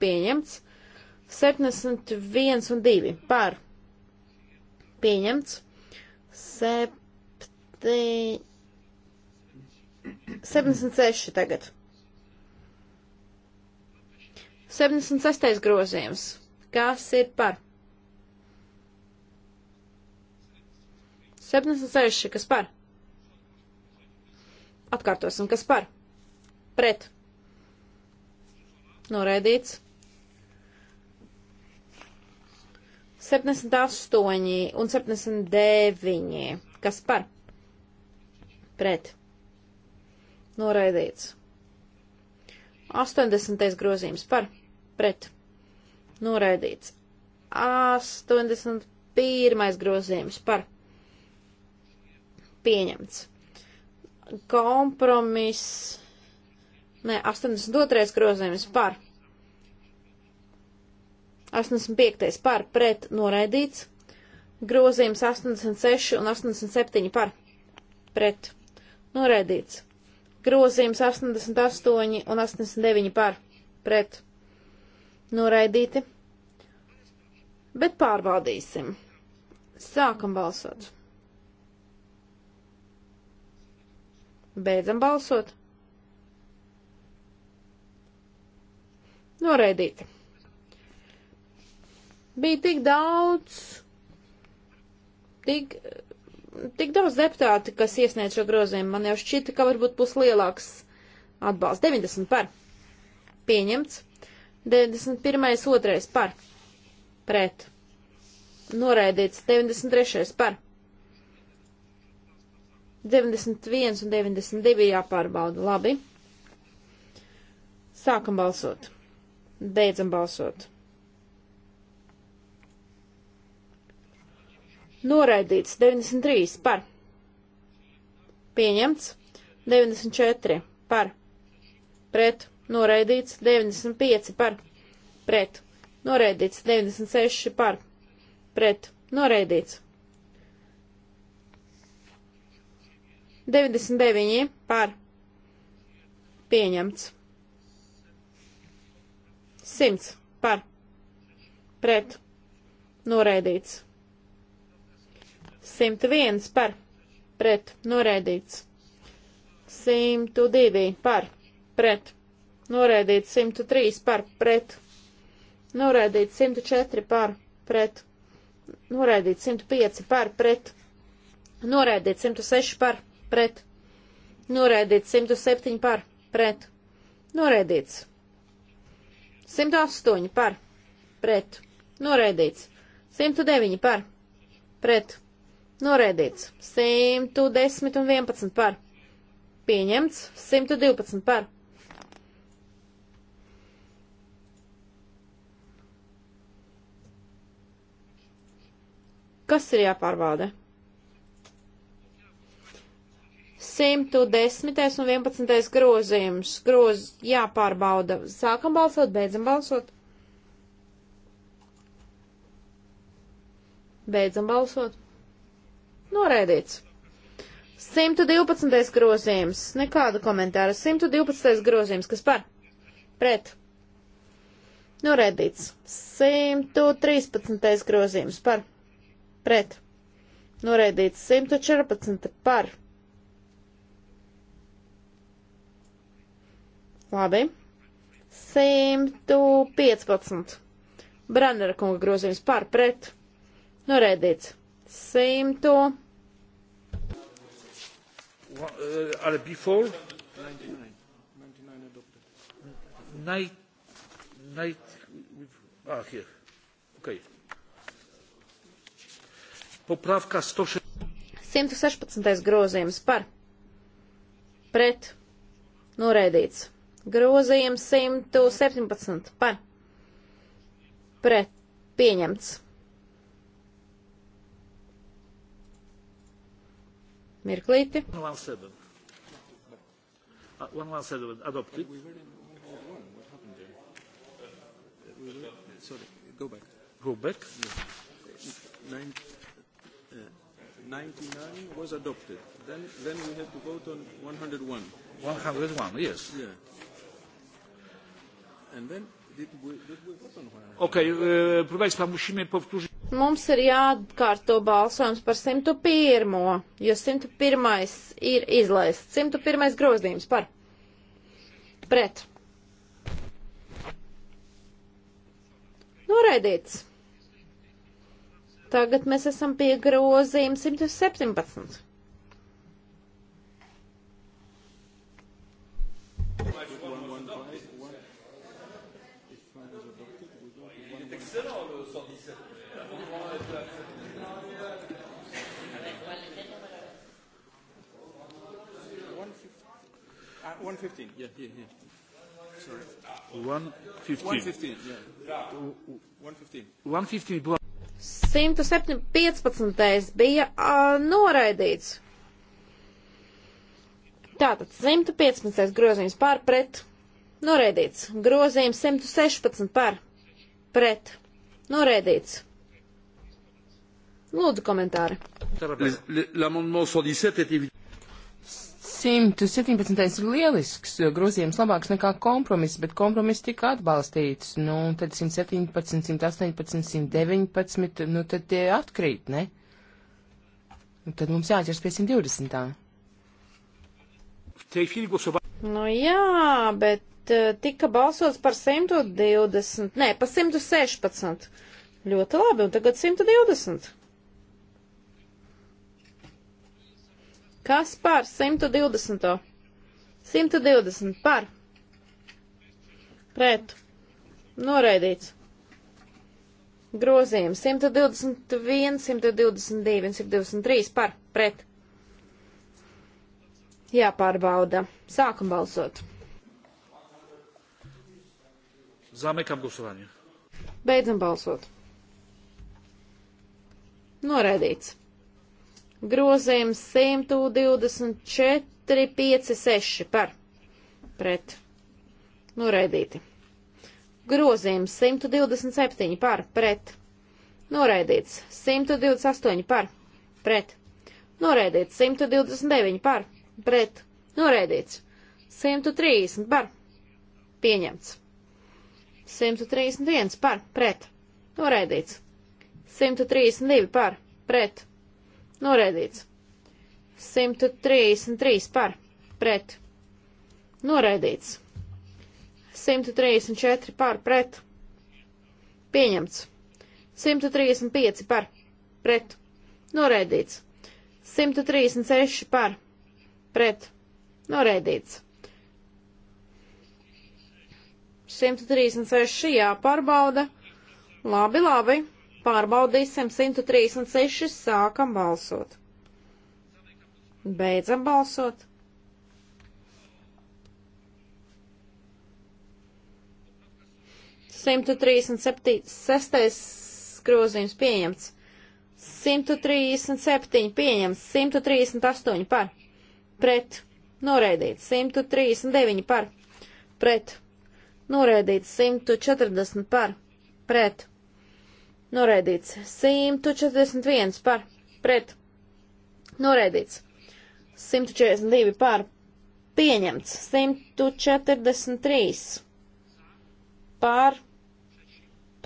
pieņemts. 71 un 2 par pieņemts. 7... 76 tagad. 76. grozījums. Kas ir par? 76. Kas par? Atkārtosim. Kas par? Pret. Noraidīts. 78 un 79. Kas par? Pret. Noraidīts. 80. grozījums par. Pret. Noraidīts. 81. grozījums par. Pieņemts. Kompromiss. Nē, 82. grozījums par 85. par pret noraidīts. Grozījums 86 un 87 par pret noraidīts. Grozījums 88 un 89 par pret noraidīti. Bet pārbaudīsim. Sākam balsot. Beidzam balsot. Noraidīti bija tik daudz, tik, tik daudz deputāti, kas iesniedz šo grozījumu. Man jau šķita, ka varbūt būs lielāks atbalsts. 90 par. Pieņemts. 91. otrais par. Pret. Noraidīts. 93. par. 91 un 92 jāpārbauda. Labi. Sākam balsot. Beidzam balsot. Noraidīts 93 par. Pieņemts 94 par. Pret. Noraidīts 95 par. Pret. Noraidīts 96 par. Pret. Noraidīts. 99 par. Pieņemts. 100 par. Pret. Noraidīts. 101 par pret noraidīts. 102 par pret noraidīts. 103 par pret noraidīts. 104 par pret noraidīts. 105 par pret noraidīts. 106 par pret noraidīts. 107 par pret noraidīts. 108 par pret noraidīts. 109 par pret noraidīts. Noraidīts. 110 un 11 par. Pieņemts. 112 par. Kas ir jāpārbauda? 110. un 11. grozījums. Groz jāpārbauda. Sākam balsot, beidzam balsot. Beidzam balsot. Noraidīts. 112. grozījums. Nekāda komentāra. 112. grozījums. Kas par? Pret. Noraidīts. 113. grozījums. Par. Pret. Noraidīts. 114. Par. Labi. 115. Brannera kunga grozījums par pret. Noraidīts. 100. E, ale before? 99. 99 adopted. Night, night, ah, here. Okay. Poprawka 116. 116. grozījums par pret noraidīts. Grozījums 117 par pret pieņemts. Mirklīti. 117. 117 uh, adopted. Uh, sorry, go back. Go back. Nine, uh, 99 was adopted. Then, then we have to vote on 101. 101, yes. Yeah. And then, did we, did we vote on 101? Okay, uh, proszę Państwa, musimy powtórzyć mums ir jāatkārto balsojums par 101. Jo 101. ir izlaists. 101. grozījums par. Pret. Noraidīts. Tagad mēs esam pie grozījuma 117. Uh, 115, yeah, here, here. Sorry. 115. 115, yeah. 115. 115 block. 115. bija uh, noraidīts. Tātad 115. grozījums par pret noraidīts. Grozījums 116 par pret noraidīts. Lūdzu komentāri. L'amendement 117 est évident. 117. ir lielisks grozījums, labāks nekā kompromiss, bet kompromiss tika atbalstīts. Nu, tad 117, 118, 119, nu tad tie atkrīt, ne? Nu, tad mums jāķers pie 120. Nu jā, bet eh, tika balsots par 120, nē, par 116. Ļoti labi, un tagad 120. Kas par 120? 120 par. Pret. Noraidīts. Grozījums 121, 122, 123 par. Pret. Jāpārbauda. Sākam balsot. Zamekam głosowanie. Beidzam balsot. Noraidīts. Grozījums 124, 5, 6 par pret noraidīti. Grozījums 127 par pret noraidīts. 128 par pret noraidīts. 129 par pret noraidīts. 130 par pieņemts. 131 par pret noraidīts. 132 par pret noraidīts. Noraidīts. 133 par. Pret. Noraidīts. 134 par. Pret. Pieņemts. 135 par. Pret. Noraidīts. 136 par. Pret. Noraidīts. 136 jāpārbauda. Labi, labi. Pārbaudīsim 136, sākam balsot. Beidzam balsot. Simtu trīsdesmit septiņi, sestais grozījums pieņemts. 137 pieņems, 138 par, pret, noraidīts, 139 par, pret, noraidīts, 140 par, pret, Noraidīts. 141 par. Pret. Noraidīts. 142 par. Pieņemts. 143 par.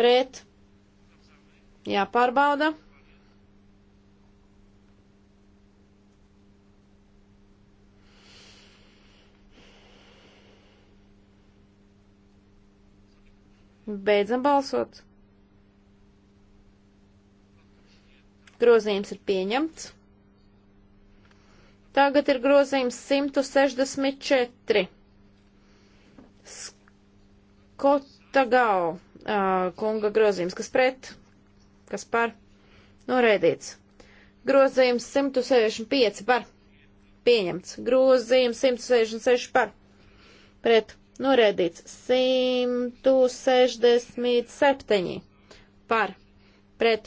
Pret. Jāpārbauda. Beidzam balsot. Grozījums ir pieņemts. Tagad ir grozījums 164. Skota Gau uh, kunga grozījums, kas pret, kas par, noraidīts. Grozījums 165 par, pieņemts. Grozījums 166 par, pret, noraidīts. 167 par, pret,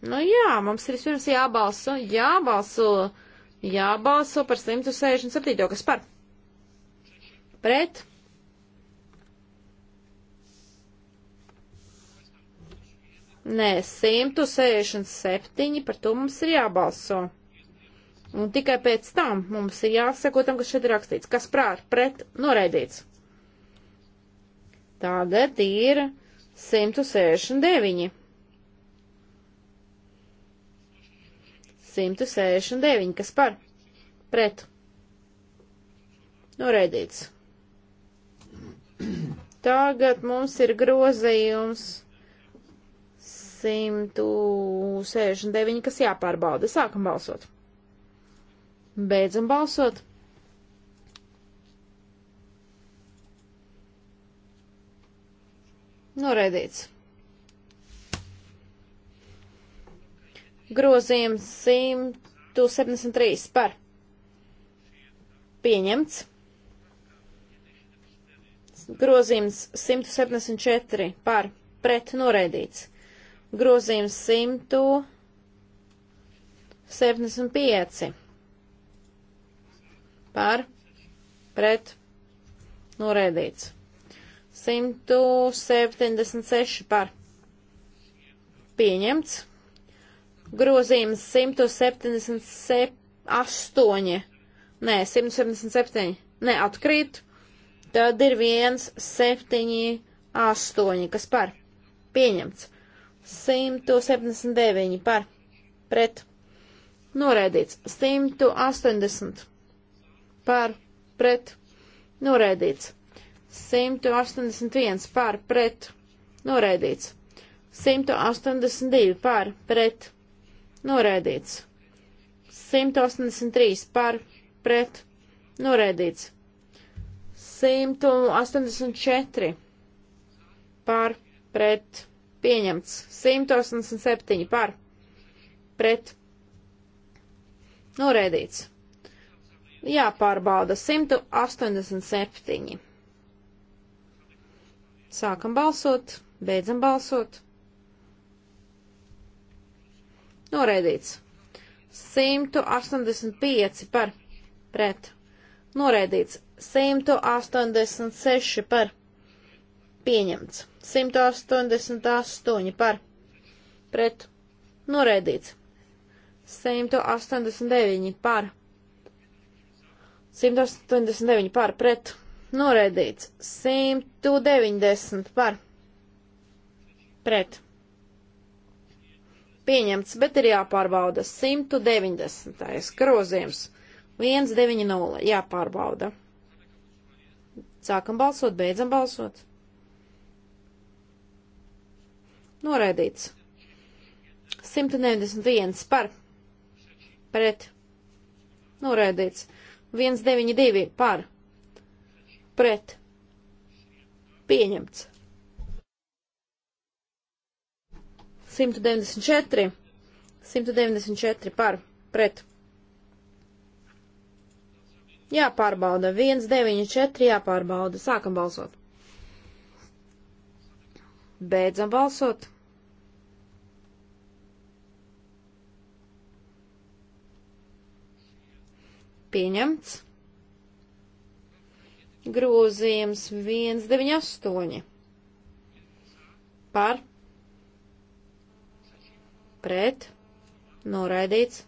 Nu jā, mums ir vispirms jābalso, jābalso, jābalso par 167. kas par? Pret? Nē, 167, par to mums ir jābalso. Un tikai pēc tam mums ir jāsako tam, kas šeit ir rakstīts. Kas prāt, pret, noraidīts. Tagad ir 169. 169, kas par pret. Noreidīts. Tagad mums ir grozījums 169, kas jāpārbauda. Sākam balsot. Beidzam balsot. Noraidīts. Grozījums 173 par. Pieņemts. Grozījums 174 par. Pret noraidīts. Grozījums 175 par. Pret noraidīts. 176 par. Pieņemts grozījums 178, nē, 177, neatkrīt, tad ir 178, kas par pieņemts, 179 par pret noraidīts, 180 par pret noraidīts, 181 par pret noraidīts, 182 par pret noraidīts. Noraidīts. 183 par pret. Noraidīts. 184 par pret. Pieņemts. 187 par pret. Noraidīts. Jāpārbauda 187. Sākam balsot, beidzam balsot. Noraidīts. 185 par pret. Noraidīts. 186 par pieņemts. 188 par pret. Noraidīts. 189 par. 189 par pret. Noraidīts. 190 par pret Pieņemts, bet ir jāpārbauda 190. grozījums. 190. Jāpārbauda. Sākam balsot, beidzam balsot. Noraidīts. 191 par. Pret. Noraidīts. 192 par. Pret. Pieņemts. 194. 194 par pret. Jāpārbauda. 194 jāpārbauda. Sākam balsot. Beidzam balsot. Pieņemts. Grozījums 198 par pret, noraidīts.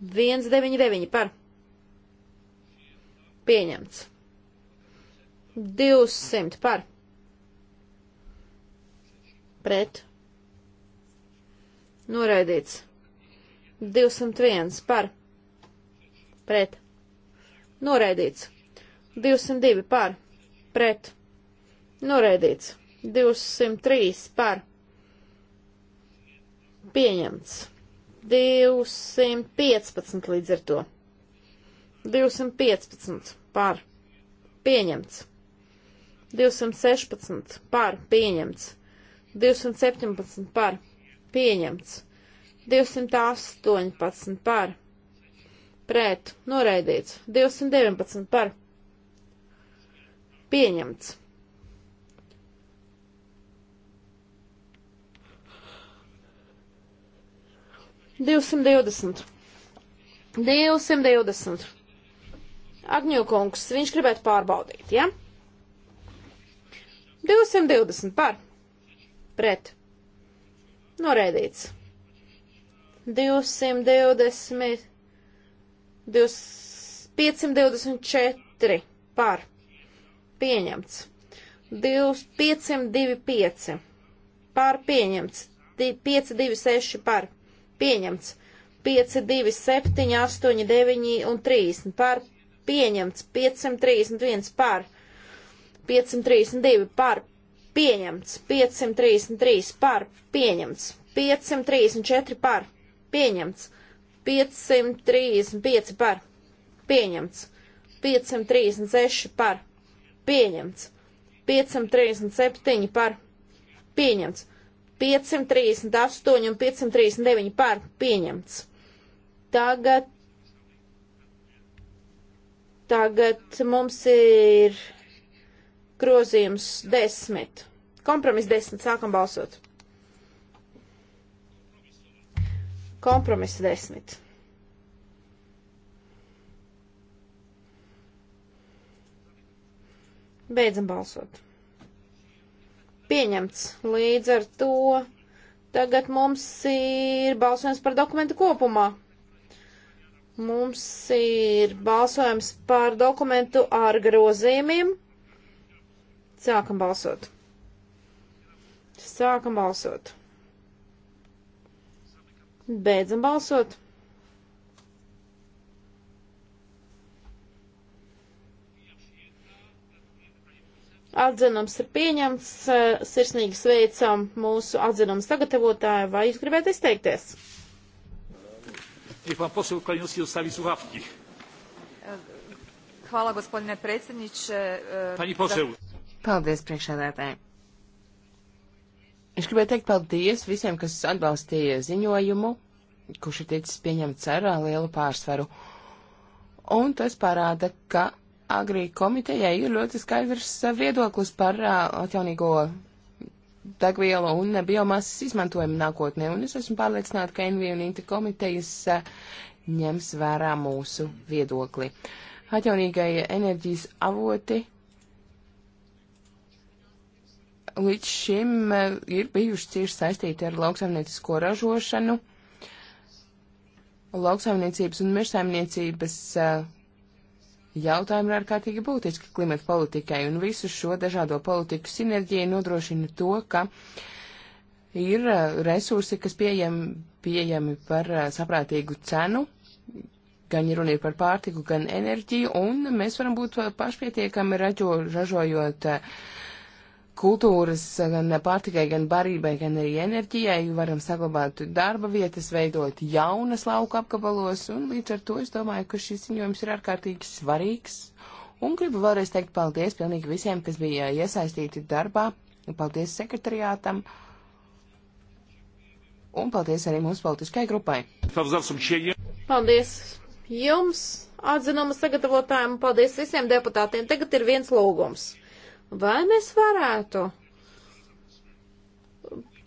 199 par. Pieņemts. 200 par. Pret. Noraidīts. 201 par. Pret. Noraidīts. 202 par. Pret. Noraidīts. 203 par. Pieņemts. 215 līdz ar to. 215 par. Pieņemts. 216 par. Pieņemts. 217 par. Pieņemts. 218 par. Pret. Noraidīts. 219 par. Pieņemts. 220. 220. Agņokungs, viņš gribētu pārbaudīt, ja? 220 par. Pret. Norēdīts. 220. 524 par. Pieņemts. 2525 par pieņemts. 526 par pieņemts. 5, 2, 7, 8, 9 un 30 par pieņemts. 531 par 532 par pieņemts. 533 par pieņemts. 534 par pieņemts. 535 par pieņemts. 536 par pieņemts. 537 par pieņemts. 538 un 539 pār pieņemts. Tagad, tagad mums ir grozījums 10. Kompromis 10. Sākam balsot. Kompromis 10. Beidzam balsot pieņemts. Līdz ar to tagad mums ir balsojums par dokumentu kopumā. Mums ir balsojums par dokumentu ar grozījumiem. Sākam balsot. Sākam balsot. Beidzam balsot. Atzinums ir pieņemts. Eh, sirsnīgi sveicam mūsu atzinums sagatavotāju. Vai jūs gribētu izteikties? Hvala, gospodine predsjedniče. Eh, Pani poseu. Paldies, priekšsēdētāji. Es gribēju teikt paldies visiem, kas atbalstīja ziņojumu, kurš ir ticis pieņemts ar eh, lielu pārsvaru. Un tas parāda, ka Agrī komitejai ir ļoti skaidrs eh, viedoklis par eh, atjaunīgo degvielu un biomasas izmantojumu nākotnē, un es esmu pārliecināta, ka NV un Inta komitejas eh, ņems vērā mūsu viedokli. Atjaunīgai enerģijas avoti līdz šim ir bijuši cieši saistīti ar lauksaimniecisko ražošanu lauksaimniecības un mežsaimniecības Jautājumi ir ārkārtīgi būtiski klimata politikai, un visu šo dažādo politiku sinerģiju nodrošina to, ka ir uh, resursi, kas pieejami, pieejami par uh, saprātīgu cenu, gan runa ir par pārtiku, gan enerģiju, un mēs varam būt uh, pašpietiekami ražojot. Uh, kultūras, gan pārtikai, gan barībai, gan arī enerģijai, varam saglabāt darba vietas, veidot jaunas lauka apgabalos, un līdz ar to es domāju, ka šis ziņojums ir ārkārtīgi svarīgs. Un gribu vēlreiz teikt paldies pilnīgi visiem, kas bija iesaistīti darbā, un paldies sekretariātam, un paldies arī mūsu politiskai grupai. Paldies jums, atzinuma sagatavotājiem, paldies visiem deputātiem. Tagad ir viens lūgums. Vai mēs varētu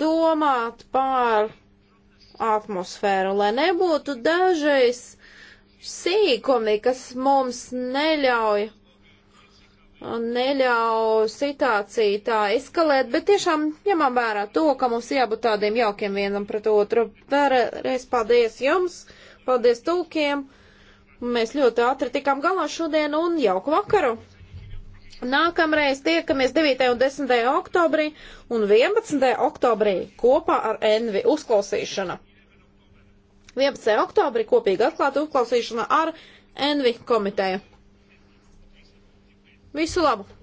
domāt pār atmosfēru, lai nebūtu dažreiz sīkumi, kas mums neļauj, neļauj situāciju tā eskalēt, bet tiešām ņemam vērā to, ka mums jābūt tādiem jaukiem vienam pret otru. Vēlreiz paldies jums, paldies tūkiem. Mēs ļoti ātri tikām galā šodien un jauku vakaru! Nākamreiz tiekamies 9. un 10. oktobrī un 11. oktobrī kopā ar Envi uzklausīšana. 11. oktobrī kopīgi atklāta uzklausīšana ar Envi komiteju. Visu labu!